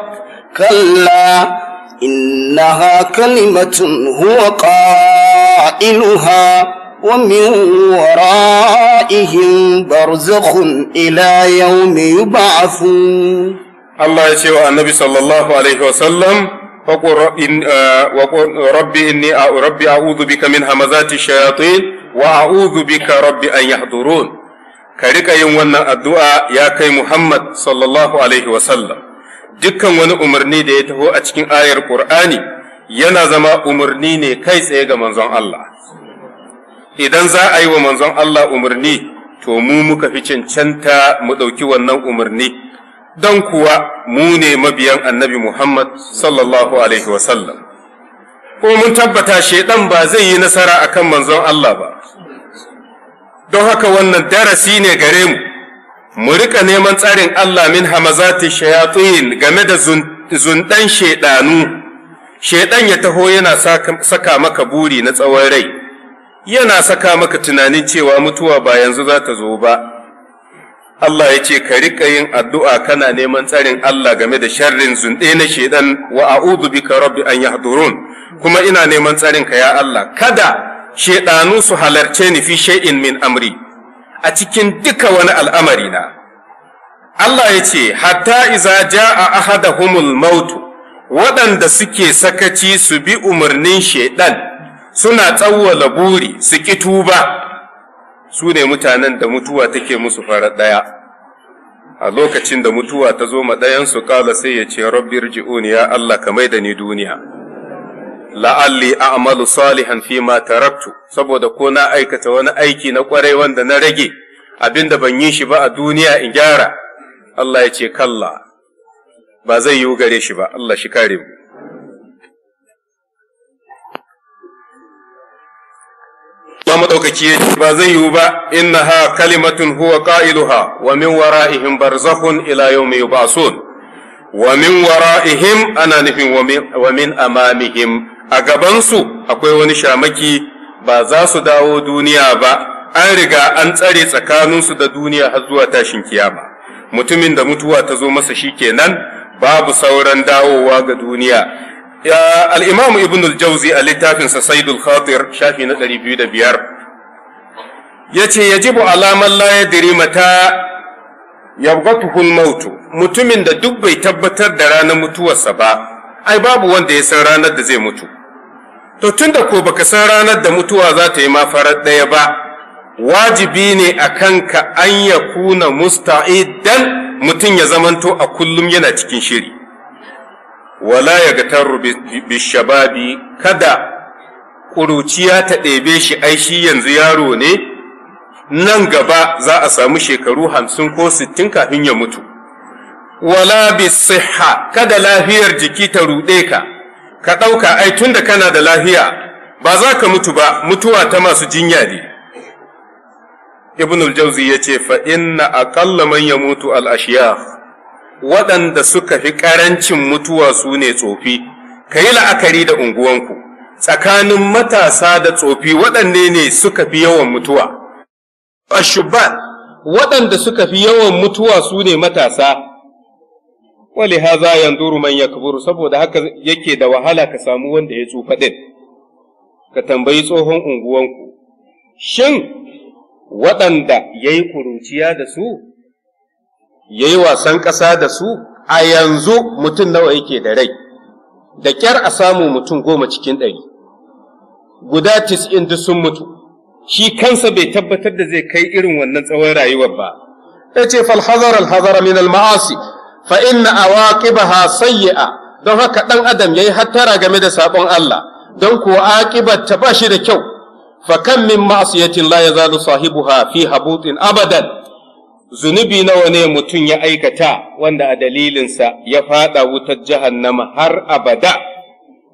S1: كلا إنها كلمة هو قائلها ومن ورائهم برزخ إلى يوم يبعثون
S2: الله يشيء النبي صلى الله عليه وسلم وقل إن آه، ربي إني ربي أعوذ بك من همزات الشياطين وأعوذ بك ربي أن يحضرون ka rika yin wannan addu'a ya kai Muhammad sallallahu alaihi wasallam dukkan wani umarni da ya taho a cikin ayar Ƙur'ani yana zama umarni ne kai tsaye ga manzon Allah idan za a yi wa manzon Allah umarni to mu muka fi cancanta mu ɗauki wannan umarni don kuwa mu ne mabiyan annabi Muhammad sallallahu alaihi wasallam ko mun tabbata shaidan ba zai yi nasara akan manzon Allah ba don haka wannan darasi ne gare mu mu rika neman tsarin Allah min hamazati shayatin game da zundan shedanu Shedan ya taho yana saka maka buri na tsawon rai yana saka maka tunanin cewa mutuwa ba yanzu za ta zo ba Allah ya ce ka rika yin addu'a kana neman tsarin Allah game da sharrin zunde na shedan wa a'udhu bika rabbi an yahdurun kuma ina neman tsarin ka ya Allah kada shaiɗanu su halarce ni fi shay'in min amri a cikin duka wani al'amari na Allah ya ce hatta iza ja'a humul mautu waɗanda suke sakaci su bi umarnin shaidan suna tsawwala buri su ki tuba su ne mutanen da mutuwa take musu fara ɗaya a lokacin da mutuwa ta zo ma ɗayansu ƙala sai ya ce rabbi ya Allah ka mai da ni duniya la'alli a'malu salihan fi ma taraktu saboda ko na aikata wani aiki na kwarai wanda na rage abinda ban yi shi ba a duniya in gyara Allah ya ce kalla ba zai yiwu gare shi ba Allah shi kare mu ba madaukaki ya ce ba zai yiwu ba innaha kalimatun huwa qailuha wa min wara'ihim barzakhun ila yawmi yub'asun wa min wara'ihim ana nufin wa min amamihim a gabansu akwai wani shamaki ba za su dawo duniya ba an riga an tsare tsakaninsu da duniya har zuwa tashin kiyama mutumin da mutuwa ta zo masa shi nan, babu sauran dawowa ga duniya al'imamu ibn al-jauzi a littafinsa saidul khatir shafi na 205 ya ce yajibu alaman la yadiri mata yabgatuhul mautu mutumin da duk bai tabbatar da ranar mutuwarsa ba ai babu wanda ya san ranar da zai mutu to tun da ko baka san ranar da mutuwa za ta yi ma farar ɗaya ba wajibi ne a kanka an ya kuna musta'idan mutum ya zamanto a kullum yana cikin shiri wala ya ga tarru bishababi kada ƙuruciya ta ɗebe shi ai shi yanzu yaro ne nan gaba za a samu shekaru hamsin ko sittin kafin ya mutu wala bisiha kada lafiyar jiki ta ruɗe ka ka ɗauka ai tun da kana da lafiya ba za ka mutu ba mutuwa ta masu jinya ne ibnul jauzi ya ce fa inna aƙalla man ya mutu al'ashiya waɗanda suka fi ƙarancin mutuwa su ne tsofi ka yi la'akari da unguwanku tsakanin matasa da tsofi waɗanne ne suka fi yawan mutuwa ashubban waɗanda suka fi yawan mutuwa su ne matasa wali haza yanzuru man kaburu, saboda haka yake da wahala ka samu wanda ya tsufa din ka tambayi tsohon unguwanku shin waɗanda ya yi ƙuruciya da su ya yi wasan ƙasa da su a yanzu mutum nawa yake da rai da ƙyar a samu mutum goma cikin ɗari guda tis'in duk sun mutu shi kansa bai tabbatar da zai kai irin wannan tsawon rayuwar ba ya ce falhazar alhazara min al-ma'asi fa inna awaqibaha sayyi'a don haka dan adam yayi hattara game da sabon Allah don kuwa aqibar ta ba shi da kyau fa kam min ma'siyatin la yazalu sahibuha fi habutin abadan zunubi nawa ne mutum ya aikata wanda a dalilinsa ya fada wutar jahannama har abada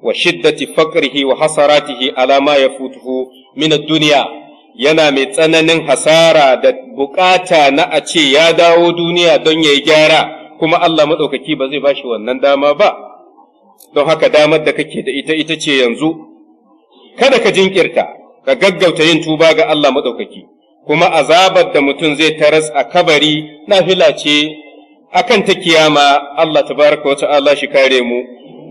S2: wa shiddati faqrihi wa hasaratihi ala ma yafutuhu min ad-dunya yana mai tsananin hasara da bukata na a ce ya dawo duniya don ya yi gyara kuma Allah maɗaukaki ba zai ba shi wannan dama ba, don haka damar da kake da ita ita ce yanzu, kada ka jinkirta, ka gaggauta yin tuba ga Allah maɗaukaki, kuma azabar da mutum zai taras a kabari na ce akan ta kiyama Allah ta baraka wata Allah shi kare mu.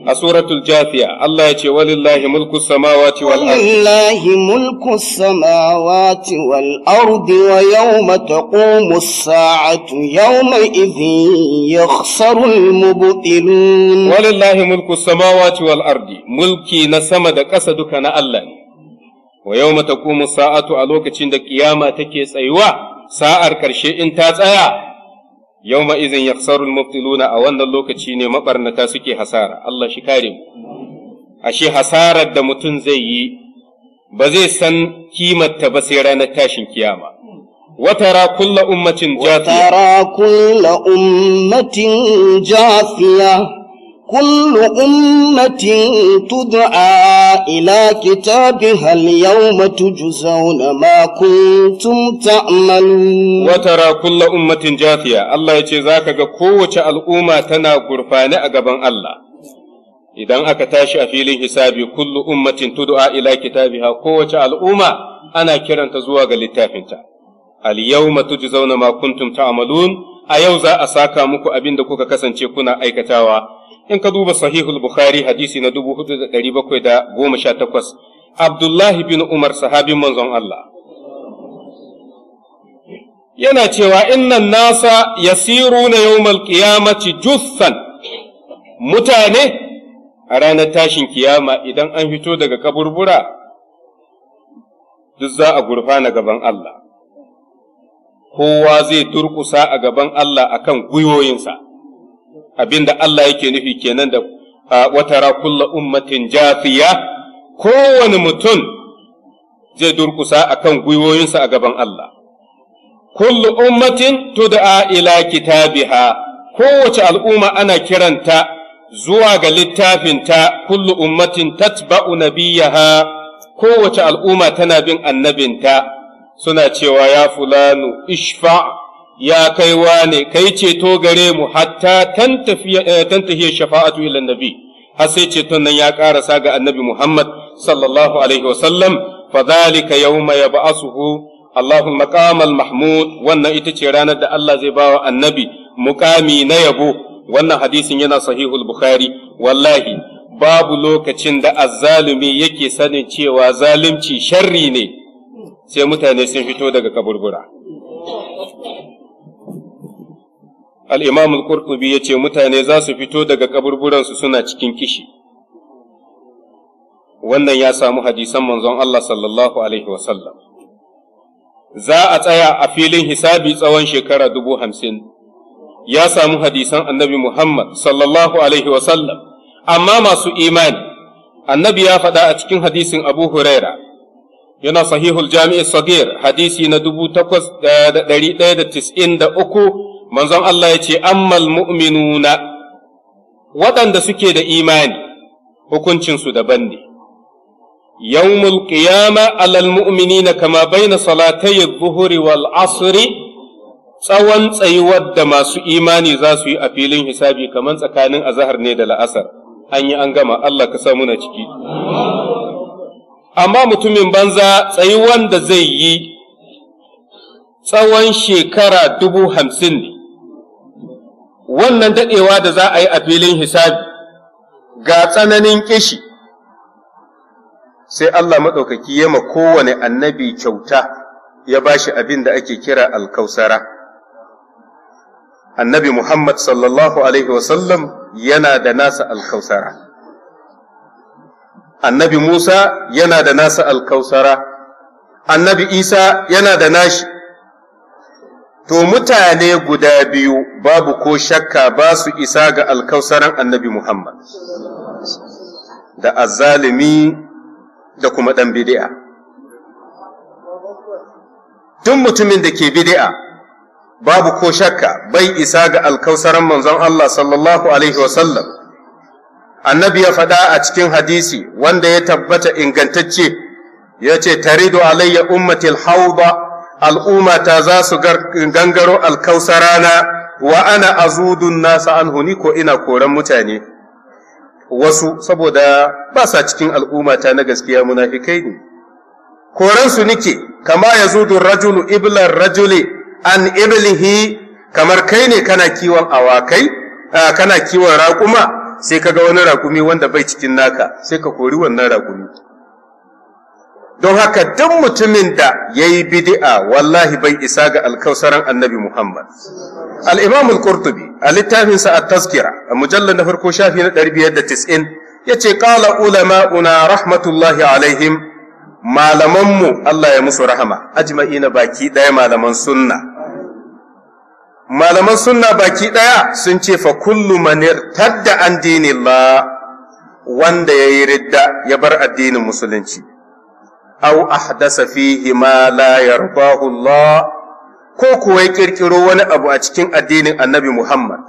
S2: a suratul jafiya Allah ya ce walillahi mulku samawati wal ardi
S1: walillahi mulku samawati wal ardi wa yawma taqumu as-sa'atu yawma idhin yakhsaru al-mubtilun walillahi mulku samawati
S2: wal ardi mulki na sama da ƙasa duka na Allah ne wa yawma taqumu as-sa'atu a lokacin da kiyama take tsayuwa sa'ar karshe in ta tsaya yau ma'izin izin yaksarul mubtiluna a wannan lokaci ne maɓarnata suke hasara Allah shi kare mu ashe hasarar da mutum zai yi ba zai san kimarta ba sai ranar tashin kiyama Wata كل أمة Jafiya.
S1: وترى كل أمة Jafiya. كل أمة تدعى إلى كتابها اليوم تجزون ما كنتم تعملون
S2: وترى كل أمة جاثية الله يجزاك قوة الأمة تنا قرفان أقبان الله إذا أكتاش أفيلي حسابي كل أمة تدعى إلى كتابها قوة الأمة أنا كرن تزواج للتافنتا اليوم تجزون ما كنتم تعملون أيوزا أساكا مكو أبين دكوكا كسنشي كنا أيكتاوا in ka duba sahihul bukhari hadisi na 4718 abdullahi bin umar sahabin manzon Allah yana cewa innan nasa yasiru na yawmal qiyamati jussan mutane a ranar tashin kiyama idan an fito daga kaburbura duk za a gurfana gaban Allah kowa zai durkusa a gaban Allah akan gwiwoyinsa Abin da Allah yake nufi kenan da watara kulla ummatin jafiya kowane mutum zai durkusa kan gwiwoyinsa a gaban Allah kullu ummatin tud'a ila kitabiha kowace al'umma ana kiranta zuwa ga littafinta kullu ummatin tatba'u nabiyaha kowace al'umma tana bin annabinta suna cewa ya fulanu ishfa' ya kai wane kai ceto gare mu hatta eh, tantahiya shafa'atu ila nabi har sai ceton nan ya karasa ga annabi Muhammad sallallahu alaihi wasallam fadhalika yawma yab'asuhu Allahu maqamal mahmud wannan ita ce ranar da Allah zai bawa annabi muqami na yabo wannan hadisin yana sahihul bukhari wallahi babu lokacin da azzalumi yake sanin cewa zalunci sharri ne sai mutane sun fito daga kaburbura al-imam al ya ce mutane za su fito daga kaburburansu suna cikin kishi wannan ya samu hadisan manzon Allah sallallahu alaihi wasallam za a tsaya a filin hisabi tsawon shekara dubu hamsin ya samu hadisan annabi Muhammad sallallahu alaihi wasallam amma masu imani annabi ya faɗa a cikin hadisin abu huraira yana sahihul jami'i sagir hadisi na dubu takwas eh, da ɗari ɗaya da tis'in da uku manzon Allah ya ce ammal mu'minuna waɗanda suke da imani hukuncinsu daban ne yawmul qiyama alal mu'minina kama baina salatai dhuhri wal asri tsawon tsayuwar da masu imani za su yi a filin hisabi kamar tsakanin azahar ne da la'asar an yi an gama Allah ka sa muna ciki amma mutumin banza tsayuwan da zai yi tsawon shekara dubu hamsin ne wannan daɗewa da za a yi a filin hisabi ga tsananin ƙishi. sai Allah maɗaukaki ya ma kowane annabi kyauta ya ba shi abin da ake kira alkausara. Annabi Muhammad sallallahu Alaihi wasallam yana da nasa alkausara. Annabi Musa yana da nasa alkausara. Annabi Isa yana da nashi. to mutane guda biyu babu ko shakka ba su isa ga alkausaran annabi Muhammad, da azalimi da kuma ɗan bidi'a. Duk mutumin da ke bidi'a babu ko shakka bai isa ga alkausaran manzon Allah sallallahu Alaihi wasallam. Annabi ya faɗa a cikin hadisi wanda ya tabbata ingantacce ya ce, Taridu alayya ummatil hauba al'umma ta za su gangaro alkausarana wa ana azudun nasa anhuni huni ko ina koran mutane wasu saboda ba sa cikin al'umma na gaskiya munafikai ne koransu nike kama ya zudu rajulu iblar rajuli an iblihi kamar kai ne kana kiwon awakai kana kiwon raƙuma sai ka ga wani raƙumi wanda bai cikin naka sai ka kori wannan raƙumi don haka duk mutumin da ya yi bidi'a wallahi bai isa ga alkausaran annabi Muhammad. Al'imam al a littafinsa a taskira a mujallar na farko shafi na 590 ya ce ƙala ulama'una rahmatullahi alaihim malamanmu Allah ya musu rahama ajma'i na baki ɗaya malaman sunna. Malaman sunna baki ɗaya sun ce fa kullu manir tadda an dinillah wanda ya yi ridda ya bar addinin musulunci. aw ahdasa fihi ma la Allah ko kuwa ya kirkiro wani abu a cikin addinin annabi Muhammad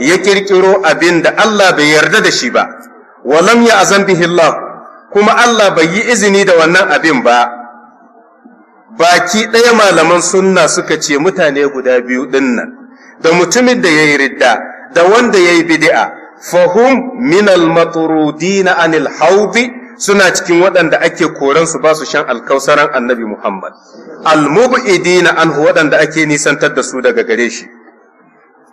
S2: ya kirkiro abin da Allah bai yarda da shi ba walam ya azan bihi Allah kuma Allah bai yi izini da wannan abin ba baki ɗaya malaman sunna suka ce mutane guda biyu dinnan da mutumin da ya yi ridda da wanda ya yi bid'a fahum min al-maturudina anil haubi suna cikin waɗanda ake koransu ba su shan alkausaran annabi Muhammad, almubidina anhu waɗanda ake nisantar da su daga gare shi.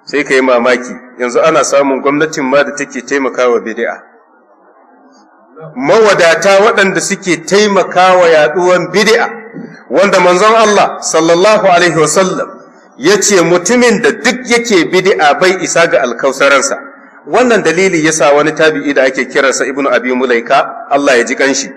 S2: Sai ka mamaki, yanzu ana samun gwamnatin ma da take taimakawa bid'a. Mawadata waɗanda suke taimakawa yaɗuwan bid'a, wanda manzon Allah sallallahu Alaihi wasallam ya ce mutumin da duk yake bid'a bai isa ga alkausaransa. wannan dalili yasa wani tabi'i da ake kiransa ibnu abi mulaika Allah ya ji kanshi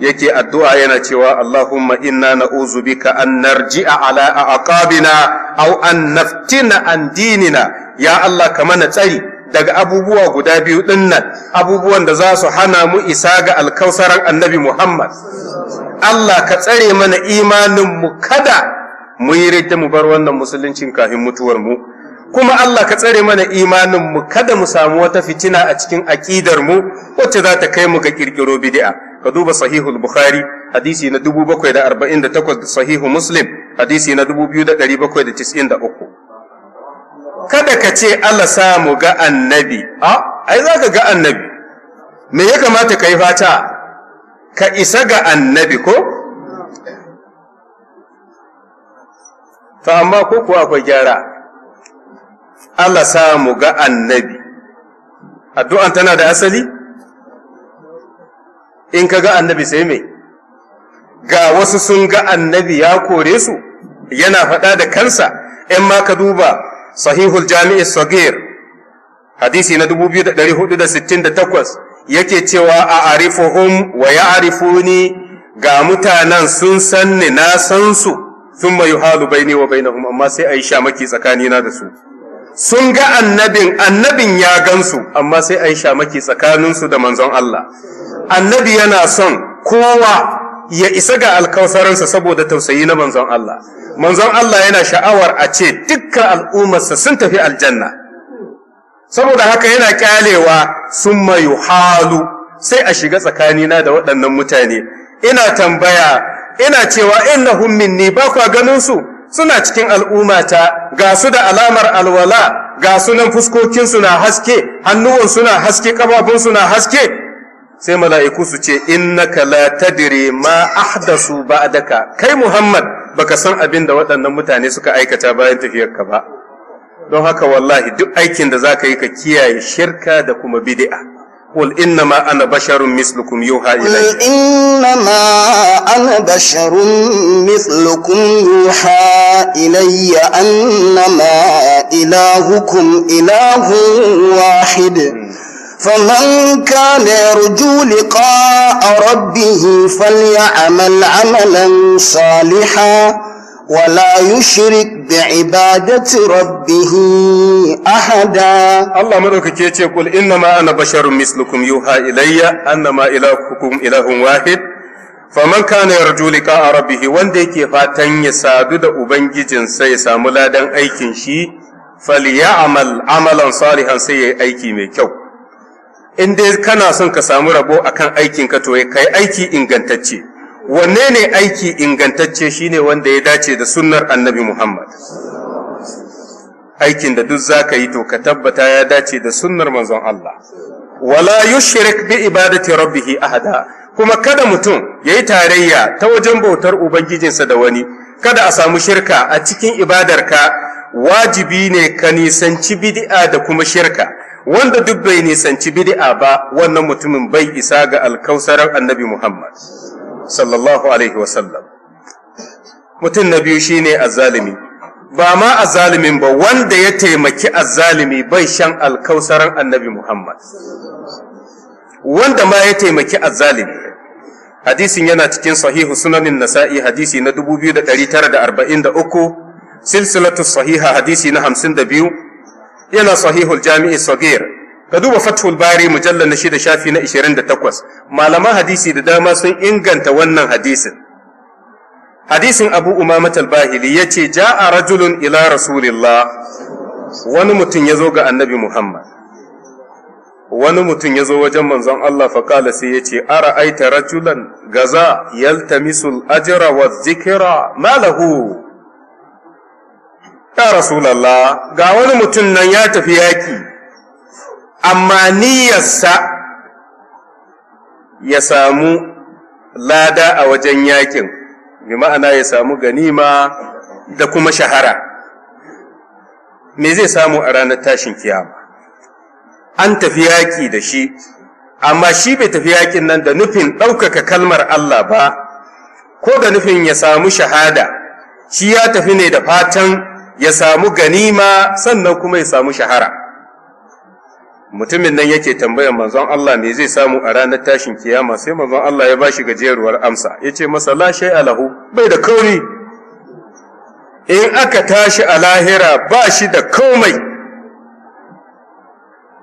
S2: yake addu'a yana cewa Allahumma inna na'uzu bika an narji'a ala aqabina aw an naftina an dinina ya Allah ka mana tsari daga abubuwa guda biyu dinnan abubuwan da za su hana mu isa ga alkausaran annabi Muhammad Allah ka tsare mana imanin mu kada mu yi mu bar wannan musuluncin kafin mutuwar mu kuma Allah ka tsare mana imanin mu kada mu samu wata fitina a cikin aqidar mu wacce za ta kai mu ga kirkiro bid'a ka duba sahihul bukhari hadisi na 748 da sahihu muslim hadisi na 2793 kada ka ce Allah sa mu ga annabi a ai za ka ga annabi me ya kamata ka yi fata ka isa ga annabi ko ta amma ko kuwa akwai gyara Allah sa mu ga annabi addu'an tana da asali in ka ga annabi sai me ga wasu sun ga annabi ya kore su yana faɗa da kansa Yan ma ka duba sahihul jami'i sagir hadisi na 2468 yake cewa a arifuhum wa ya arifuni ga mutanen sun san ni na san su sun mai halu wa bainahum amma sai a yi shamaki tsakanina da su sun ga annabin annabin ya gansu amma sai a yi shamaki tsakaninsu da manzon Allah annabi yana son kowa ya isa ga alkawsarinsa saboda tausayi na manzon Allah manzon Allah yana sha'awar a ce dukkan al'ummarsa sun tafi aljanna saboda haka yana kyalewa sun mayu halu sai a shiga tsakanina da waɗannan mutane ina tambaya ina cewa innahum minni ba ku ganin su suna cikin al'ummata ga su da alamar alwala ga sunan fuskokinsu na haske hannuwan na haske kafafun na haske sai mala'iku su ce innaka la tadri ma ahdasu ba'daka kai Muhammad baka san abin da waɗannan mutane suka aikata bayan tafiyarka ba don haka wallahi duk aikin da zaka yi ka kiyaye shirka da kuma bid'a قل إنما أنا بشر مثلكم يوحى إلي قل
S1: إنما أنا بشر مثلكم يوحى إلي أنما إلهكم إله واحد فمن كان يرجو لقاء ربه فليعمل عملا صالحا ولا يشرك بعبادة ربه أحدا
S2: الله مدوك كيتي يقول إنما أنا بشر مثلكم يوحى إلي أنما إلهكم إله واحد فمن كان يرجو لقاء ربه وندك فاتن يسادد أبنججن سيسام لادن أيكن شي فليعمل عملا صالحا سي أيكي ميكو إن دي كان سنك سامو ربو أكان أيكن كتوي كي أيكي إنغنتتشي wanne ne aiki ingantacce shine wanda ya dace da sunnar annabi Muhammad aikin da duk zaka yi to ka tabbata ya dace da sunnar manzon Allah wala yushrik bi ibadati rabbih ahada kuma kada mutum ya yi tarayya ta wajen bautar ubangijinsa da wani kada a samu shirka a cikin ibadarka wajibi ne ka nisanci bid'a da kuma shirka wanda duk bai nisanci bid'a ba wannan mutumin bai isa ga alkausarar annabi Muhammad sallallahu alaihi wasallam mutum na biyu shine azzalimi ba ma azzalimin ba wanda ya taimaki azzalimi bai shan alkausaran annabi Muhammad wanda ma ya taimaki azzalimi hadisin yana cikin sahihu sunanin nasa'i hadisi na 2943 silsilatu sahiha hadisi na 52 yana sahihul jami'i sagir ka duba fathul bari mujallar na shida shafi na 28 malaman hadisi da dama sun inganta wannan hadisin hadisin abu umamat al ya ce ja a rajulun ila rasulillah wani mutum ya zo ga annabi muhammad wani mutum ya zo wajen manzon Allah faƙala sai ya ce ara aita rajulan gaza yaltamisul ajra wa zikira malahu ya rasulallah ga wani mutum nan ya tafi yaki amma niyyarsa ya samu lada a wajen yakin bi ma'ana ya samu ganima da kuma shahara me zai samu a ranar tashin kiyama an tafi yaki da shi amma shi bai tafi yakin nan da nufin ɗaukaka kalmar Allah ba ko ga nufin ya samu shahada shi ya tafi ne da fatan ya samu ganima sannan kuma ya samu shahara mutumin nan yake tambayar manzon Allah me zai samu a ranar tashin kiyama sai manzon Allah ya bashi gajeruwar amsa yace masa la shay'a lahu bai da kauri in aka tashi a lahira ba shi da komai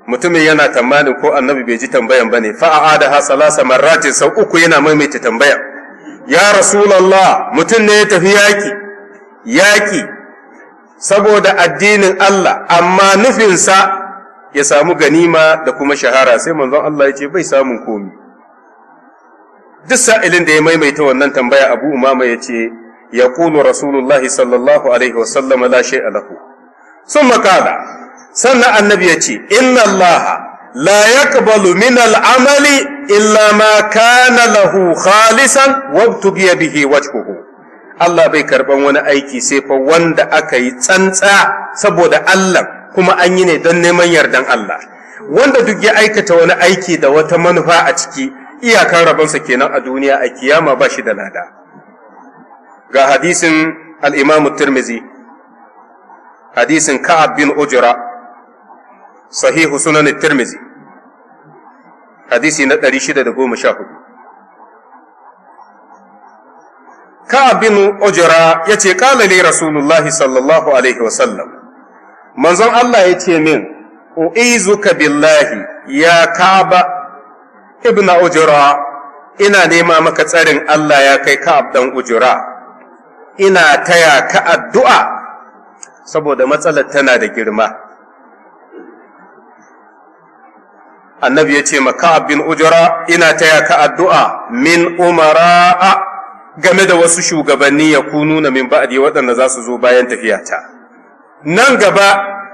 S2: mutumin yana tamanin ko annabi bai ji tambayan ba ne fa'a'ada ha salasa marratin sau uku yana maimaita tambaya ya rasulallah mutum ne ya tafi yaki yaki saboda addinin Allah amma nufinsa ya samu ganima da kuma shahara sai manzon Allah ya ce bai samun komi duk sa'ilin da ya maimaita wannan tambaya Abu Umama ya ce ya kulu Rasulullahi sallallahu alaihi wasallam la shay alahu sun makala sannan annabi ya ce inna Allah la yaqbalu min al'amali illa ma kana lahu khalisan wabtugiya bihi wajhuhu Allah bai karban wani aiki sai fa wanda aka yi tsantsa saboda Allah kuma an yi ne don neman yardan Allah wanda duk ya aikata wani aiki da wata manufa a ciki iyakan rabonsa kenan a duniya a kiyama ba shi da lada ga hadisin al tirmizi hadisin Ka'ab bin ujira sahihu sunan Tirmizi. hadisi na 614
S1: Ka'ab bin
S2: ujira ya ce kalali Rasulullah sallallahu alaihi wasallam manzon Allah ya ce min u'izuka billahi ya kaba. ibn ujra ina nema maka tsarin Allah ya kai ka'ab dan ujra ina taya ka addu'a saboda matsalar tana da girma annabi ya ce ma ka'ab bin ujra ina taya ka addu'a min umara game da wasu shugabanni ya kununa min ba'di waɗanda za su zo bayan tafiyata nan gaba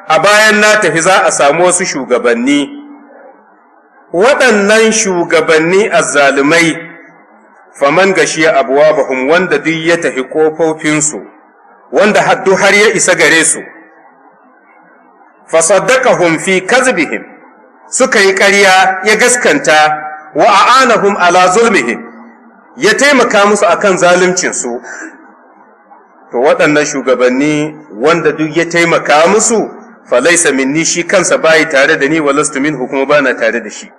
S2: a bayan na tafi za a samu wasu shugabanni waɗannan shugabanni a azzalumai faman gashi abuwa bahun wanda duk ya tafi ƙofofinsu wanda haddu har ya isa gare su fasaddaqahum fi kazbihim suka yi ƙarya ya gaskanta wa a'anahum ala zulmihim ya taimaka musu akan zaluncinsu to waɗannan shugabanni wanda duk ya taimaka musu falaisa minni shi kansa bayi tare da ni walastu minhu kuma bana tare da shi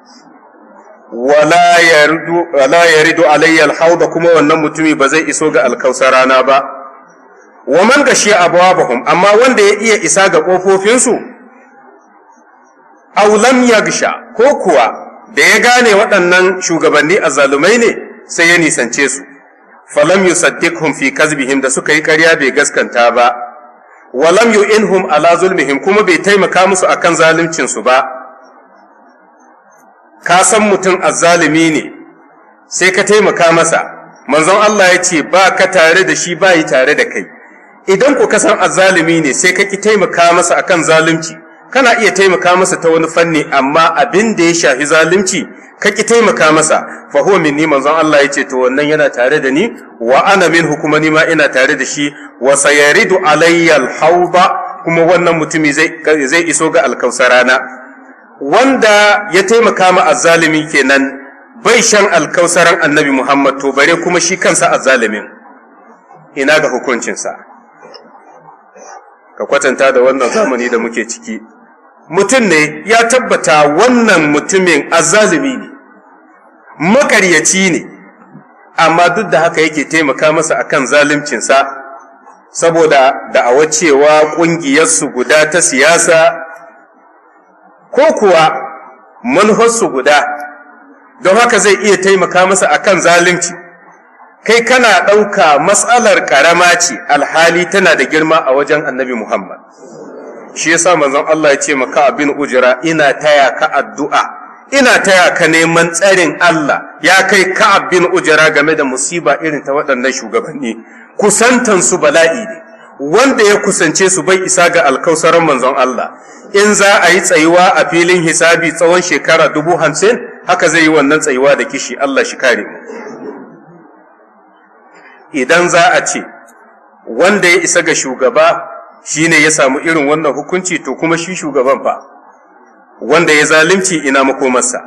S2: wala yaridu alayya alhauda kuma wannan mutumi ba zai iso ga alkausarana ba wa man gashi abwabahum amma wanda ya iya isa ga kofofinsu aw lam yagsha ko kuwa da ya gane waɗannan shugabanni azzalumai ne sai ya nisance su falam yusaddiqhum fi kazbihim da suka yi ƙarya bai gaskanta ba walam yu'inhum ala zulmihim kuma bai taimaka musu akan zaluncin su ba ka san mutum azzalimi ne sai ka taimaka masa manzon Allah ya ce ba ka tare da shi ba yi tare da kai idan ku ka san azzalimi ne sai ka ki taimaka masa akan zalunci kana iya taimaka masa ta wani fanni amma abin da ya shafi zalunci ka ki taimaka masa fa huwa minni manzon Allah yace to wannan yana tare da ni wa ana min hukuma ni ma ina tare da shi wa sayaridu alayya alhawda kuma wannan mutumi zai zai iso ga alkausarana wanda ya taimaka ma azzalimi kenan bai shan alkausaran annabi Muhammad to bare kuma shi kansa azzalimin ina ga hukuncinsa ka kwatanta da wannan zamani da muke ciki mutum ne ya tabbata wannan mutumin azzalumi ne makaryaci ne amma duk da haka yake taimaka masa akan zalimcinsa saboda da'awar cewa ƙungiyarsu guda ta siyasa ko kuwa manufarsu guda don haka zai iya taimaka masa akan zalunci kai kana ɗauka matsalar ƙarama ce alhali tana da girma a wajen annabi muhammad shi yasa manzon Allah ya ce maka abin ujira ina taya ka addu'a ina taya ka neman tsarin Allah ya kai ka abin ujira game da musiba irin ta waɗannan shugabanni kusantan su bala'i ne wanda ya kusance su bai isa ga alkausaran manzon Allah in za a yi tsayuwa a filin hisabi tsawon shekara dubu hamsin haka zai yi wannan tsayuwa da kishi Allah shi kare mu idan za a ce wanda ya isa ga shugaba Shi ne ya samu irin wannan hukunci to kuma shi shugaban fa wanda ya zalunci ina makomarsa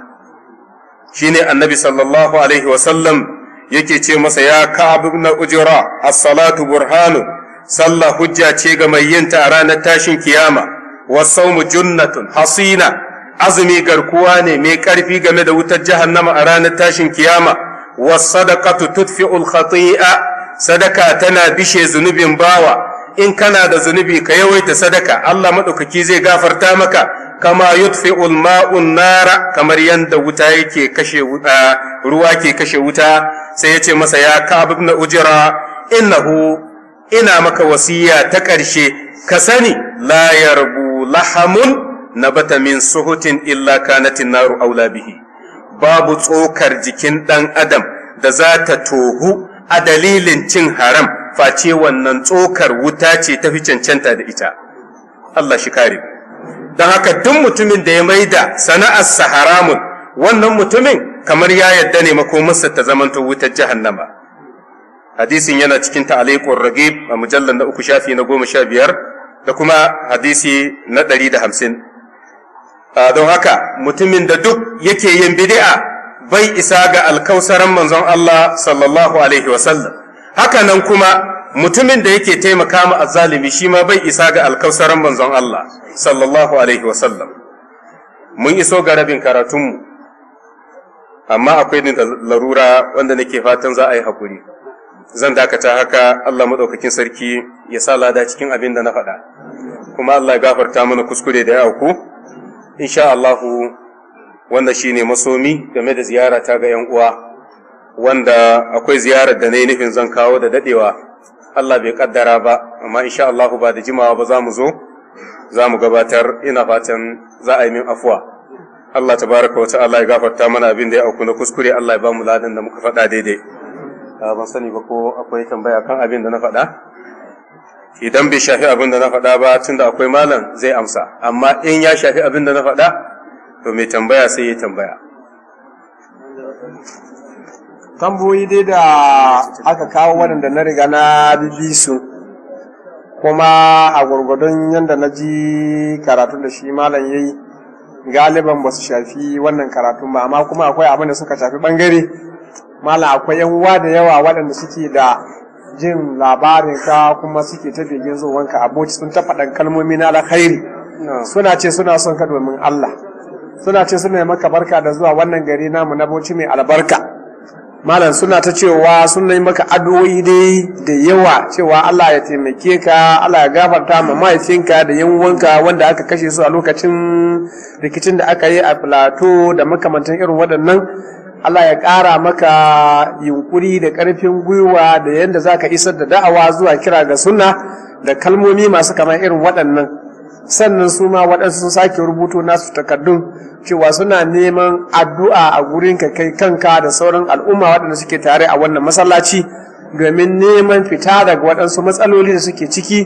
S2: ne annabi sallallahu alaihi wasallam yake ce masa ya ka'ab ibn ujra as-salatu burhanu sallah hujja ce ga mai yin ta ranar tashin kiyama was-sawmu junnatun hasina azumi garkuwa ne mai karfi game da wutar jahannama a ranar tashin kiyama wa sadaqatu tudfi'ul khati'a sadaka tana bishe zunubin bawa in kana da zunubi ka yawaita sadaka Allah maɗaukaki zai gafarta maka kama yutfi'ul ma'un nara kamar yadda wuta yake kashe wuta, ruwa ke kashe wuta sai yace masa ya ka'ab ibn ujra innahu ina maka wasiya ta ƙarshe ka sani la yarbu lahamun nabata min suhutin illa kanatin naru aula bihi babu tsokar jikin ɗan adam da za ta tohu a dalilin cin haram face wannan tsokar wuta ce ta fi cancanta da ita Allah shi kare don haka duk mutumin da ya maida sana'ar haramun wannan mutumin kamar ya yadda ne makomarsa ta zamanto wutar jahannama hadisin yana cikin ta'aliqur rage a mujallar na uku shafi na goma sha biyar da kuma hadisi na ɗari da hamsin don haka mutumin da duk yake yin bid'a bai isa ga alkausaran manzon Allah sallallahu alaihi wasallam Hakanan kuma mutumin da yake taimaka ma azzalimi shi ma bai isa ga alkausaran manzon Allah sallallahu alaihi wasallam mun iso ga rabin karatunmu amma akwai ni larura wanda nake fatan za a yi hakuri. zan dakata haka Allah maɗaukakin sarki ya sa lada cikin abin da na faɗa kuma Allah ya gafarta mana kuskure da yawa ku insha Allah wanda shine masomi game da ziyara ta ga 'yan uwa wanda akwai ziyarar da na yi nufin zan kawo da dadewa Allah bai kaddara ba amma insha Allah ba da jimawa ba za mu zo za mu gabatar ina fatan za a yi min afuwa Allah baraka wa ta'ala ya gafarta mana abin da ya auku na kuskure Allah ya ba mu ladan da muka faɗa daidai ban sani ba ko akwai tambaya kan abin da na faɗa idan bai shafi abin da na faɗa ba tunda akwai malam zai amsa amma in ya shafi abin da na faɗa to mai tambaya sai ya tambaya
S3: tamboyi dai da aka kawo waɗanda na riga na bibi su kuma a gwargwadon yadda na ji karatun da shi malam yayi galiban ba su shafi wannan karatun ba amma kuma akwai abin da suka shafi bangare malam akwai yan uwa da yawa waɗanda suke da jin labarin ka kuma suke ta zuwan ka aboci sun ta faɗan kalmomi na alkhairi suna ce suna son ka domin Allah suna ce suna maka barka da zuwa wannan gari namu na boci mai albarka malam suna ta cewa suna yi maka adoyi dai da yawa cewa Allah ya taimake ka Allah ya gafarta ma mahaifinka da yanwanka wanda aka kashe su a lokacin rikicin da aka yi a filato da makamantan irin waɗannan Allah ya ƙara maka yunƙuri da ƙarfin gwiwa da yadda za ka isar da da'awa zuwa kira ga suna da kalmomi masu kamar irin waɗannan sannan su ma waɗansu sun sake rubuto nasu takardun cewa suna neman addu'a a gurin ka kai kanka da sauran al'umma waɗanda suke tare a wannan masallaci domin neman fita daga waɗansu matsaloli da suke ciki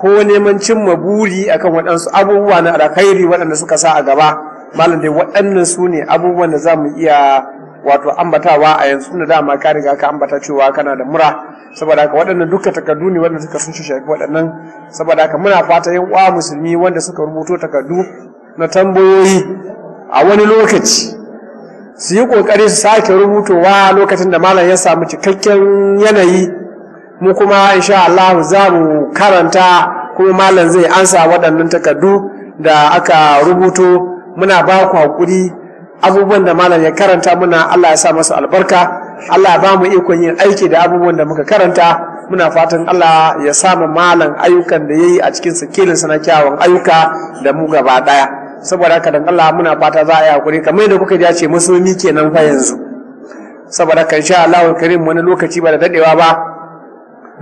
S3: ko neman cimma buri akan waɗansu abubuwa na alkhairi waɗanda suka sa a gaba malam dai waɗannan su ne abubuwan da za mu iya wato ambatawa a yanzu da dama ka riga ka ambata cewa kana da mura saboda haka waɗannan duka takardu ne wanda suka sun shafi waɗannan saboda haka muna fata yan uwa musulmi wanda suka rubuto takardu na tambayoyi a wani lokaci su yi kokari su sake rubutowa lokacin da malam ya samu cikakken yanayi mu kuma insha Allah za mu karanta kuma malam zai ansa waɗannan takardu da aka rubuto muna ba ku hakuri abubuwan da malam ya karanta muna Allah ya sa masa albarka Allah ya ba mu ikon yin aiki da abubuwan da muka karanta muna fatan Allah ya samu malam ayyukan da yayi a cikin sakilinsa na kyawun ayyuka da mu gaba daya saboda haka dan Allah muna fata za a yi hakuri kamar yadda kuka ji ce musulmi kenan fa yanzu saboda kan insha Allah karim wani lokaci ba da dadewa ba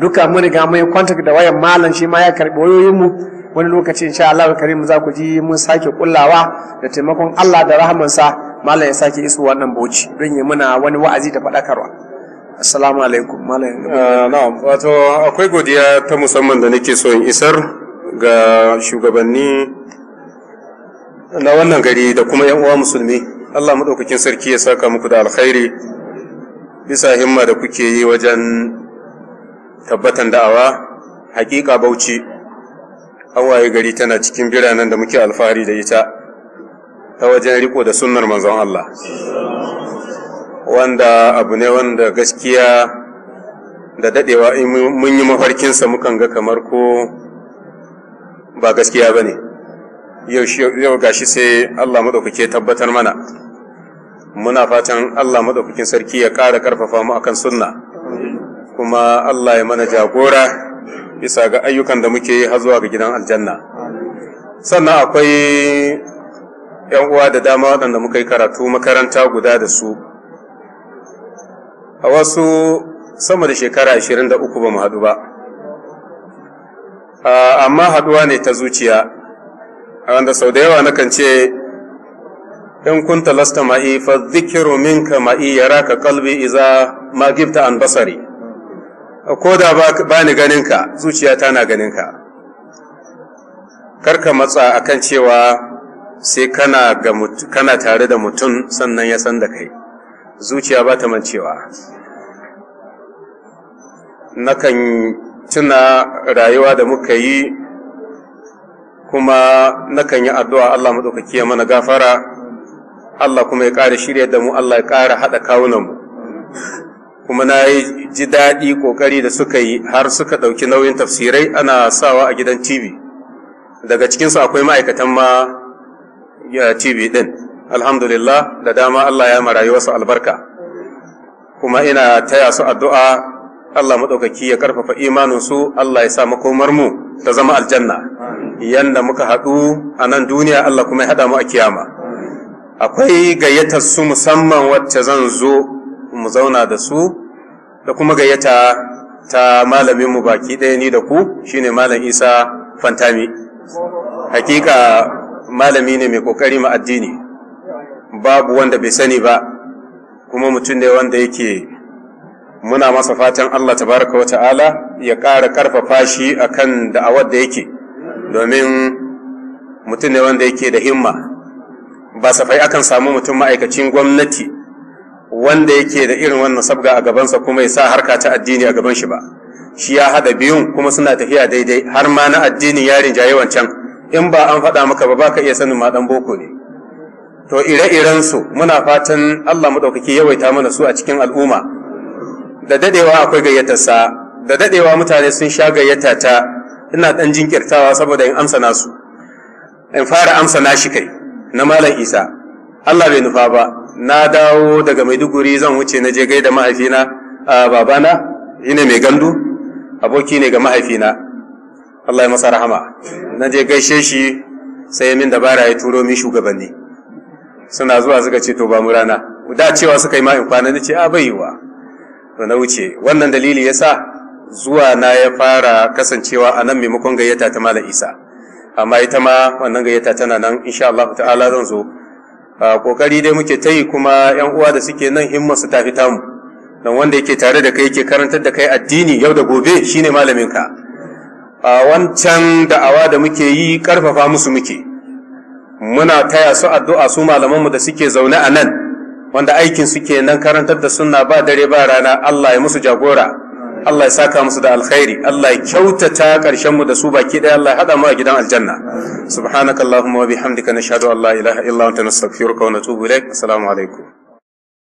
S3: duka mun riga mai contact da wayan malam shi ma ya karbi wayoyin mu wani lokaci insha Allah karim za ku ji mun sake kullawa da taimakon Allah da rahamansa malam ya sake iso wannan boci don yi muna wani wa'azi da faɗakarwa assalamu alaikum malam ah, na'am wato akwai godiya
S2: ta musamman da nake so in isar ga shugabanni na wannan gari da kuma yan uwa musulmi Allah maɗaukakin sarki ya saka muku da alkhairi bisa himma da kuke yi wajen tabbatan da'awa hakika bauchi an waye gari tana cikin biranen da muke alfahari da ita ta wajen riko da sunnar manzon Allah wanda abu ne wanda gaskiya da dadewa mun yi mafarkinsa mukan ga kamar ko ba gaskiya ba ne yau gashi sai Allah maɗaukake tabbatar mana muna fatan Allah maɗaukakin sarki ya ƙara ƙarfafa mu akan sunna kuma Allah ya mana jagora bisa ga ayyukan da muke yi har zuwa ga gidan aljanna sannan akwai ‘yan uwa da dama waɗanda muka yi karatu makaranta guda da su, a wasu sama da shekara ashirin da uku ba mu haɗu ba, amma haɗuwa ne ta zuciya, wanda sau da yawa nakan ce, ‘yan kun lasta ma'i fa zikiru minka ma'i yara ka kalbi iza ma gifta an basari, ko da ba ni ganinka zuciya tana ganinka, karka matsa a kan cewa sai kana tare da mutum sannan ya san da kai zuciya ba ta mancewa nakan tuna rayuwa da muka yi kuma nakan yi addu'a Allah maɗaukaki ya mana gafara Allah kuma ya ƙara shirya da mu Allah ya ƙara haɗa kawunanmu kuma na yi ji daɗi ƙoƙari da suka yi har suka ɗauki nauyin tafsirai ana sawa a gidan TV daga cikinsu akwai ma'aikatan ma TV din alhamdulillah da dama Allah ya marayi wasu albarka kuma ina taya su addu'a Allah maɗaukaki ya ƙarfafa imaninsu Allah ya sa makomar mu ta zama aljanna yanda muka haɗu a nan duniya Allah kuma ya haɗa mu a kiyama akwai gayyatar su musamman wacce zan zo mu zauna da su da kuma gayyata ta malamin mu baki ɗaya ni da ku shine malam Isa Fantami hakika malami ne mai kokari ma addini babu wanda bai sani ba kuma mutum ne wanda yake muna masa fatan Allah tabaraka wata'ala ya ƙara ƙarfafa shi akan da'awar da yake domin mutum ne wanda yake da himma ba safai akan samu mutum ma'aikacin gwamnati wanda yake da irin wannan sabga a gabansa kuma ya sa harka ta addini a gaban shi ba shi ya haɗa biyun kuma suna tafiya daidai har ma na addinin yarin jaye wancan in ba an faɗa maka ba ba ka iya sanin ma ɗan boko ne to ire-iren su muna fatan Allah maɗaukaki yawaita mana su a cikin al'umma da dadewa akwai gayyatarsa da dadewa mutane sun sha gayyata ta ina ɗan jinkirtawa saboda in amsa nasu in fara amsa na shi kai na malam isa Allah bai nufa ba na dawo daga maiduguri zan wuce na je gaida mahaifina a babana ina mai gandu aboki ne ga mahaifina Allah ya masa rahama na je gaishe shi sai min dabara ya turo min shugabanni suna zuwa suka ce to ba mu rana da cewa suka yi ma in kwana nace a baiwa to na wuce wannan dalili yasa zuwa na ya fara kasancewa a nan maimakon gayyata ta Malam Isa amma ita ma wannan gayyata tana nan insha Allah ta'ala zan zo kokari dai muke ta kuma yan uwa da suke nan himmar su tafi tamu dan wanda yake tare da kai yake karantar da kai addini yau da gobe shine malamin ka a wancan da'awa da muke yi karfafa musu muke muna taya su addu'a su malamanmu da suke zaune a nan wanda aikin suke nan karantar da sunna ba dare ba rana Allah ya musu jagora Allah ya saka musu da alkhairi Allah ya kyautata ƙarshen mu da su baki ɗaya Allah ya hada mu a gidan aljanna subhanakallahumma wa bihamdika nashhadu an la ilaha illa anta nastaghfiruka wa natubu ilaik assalamu alaikum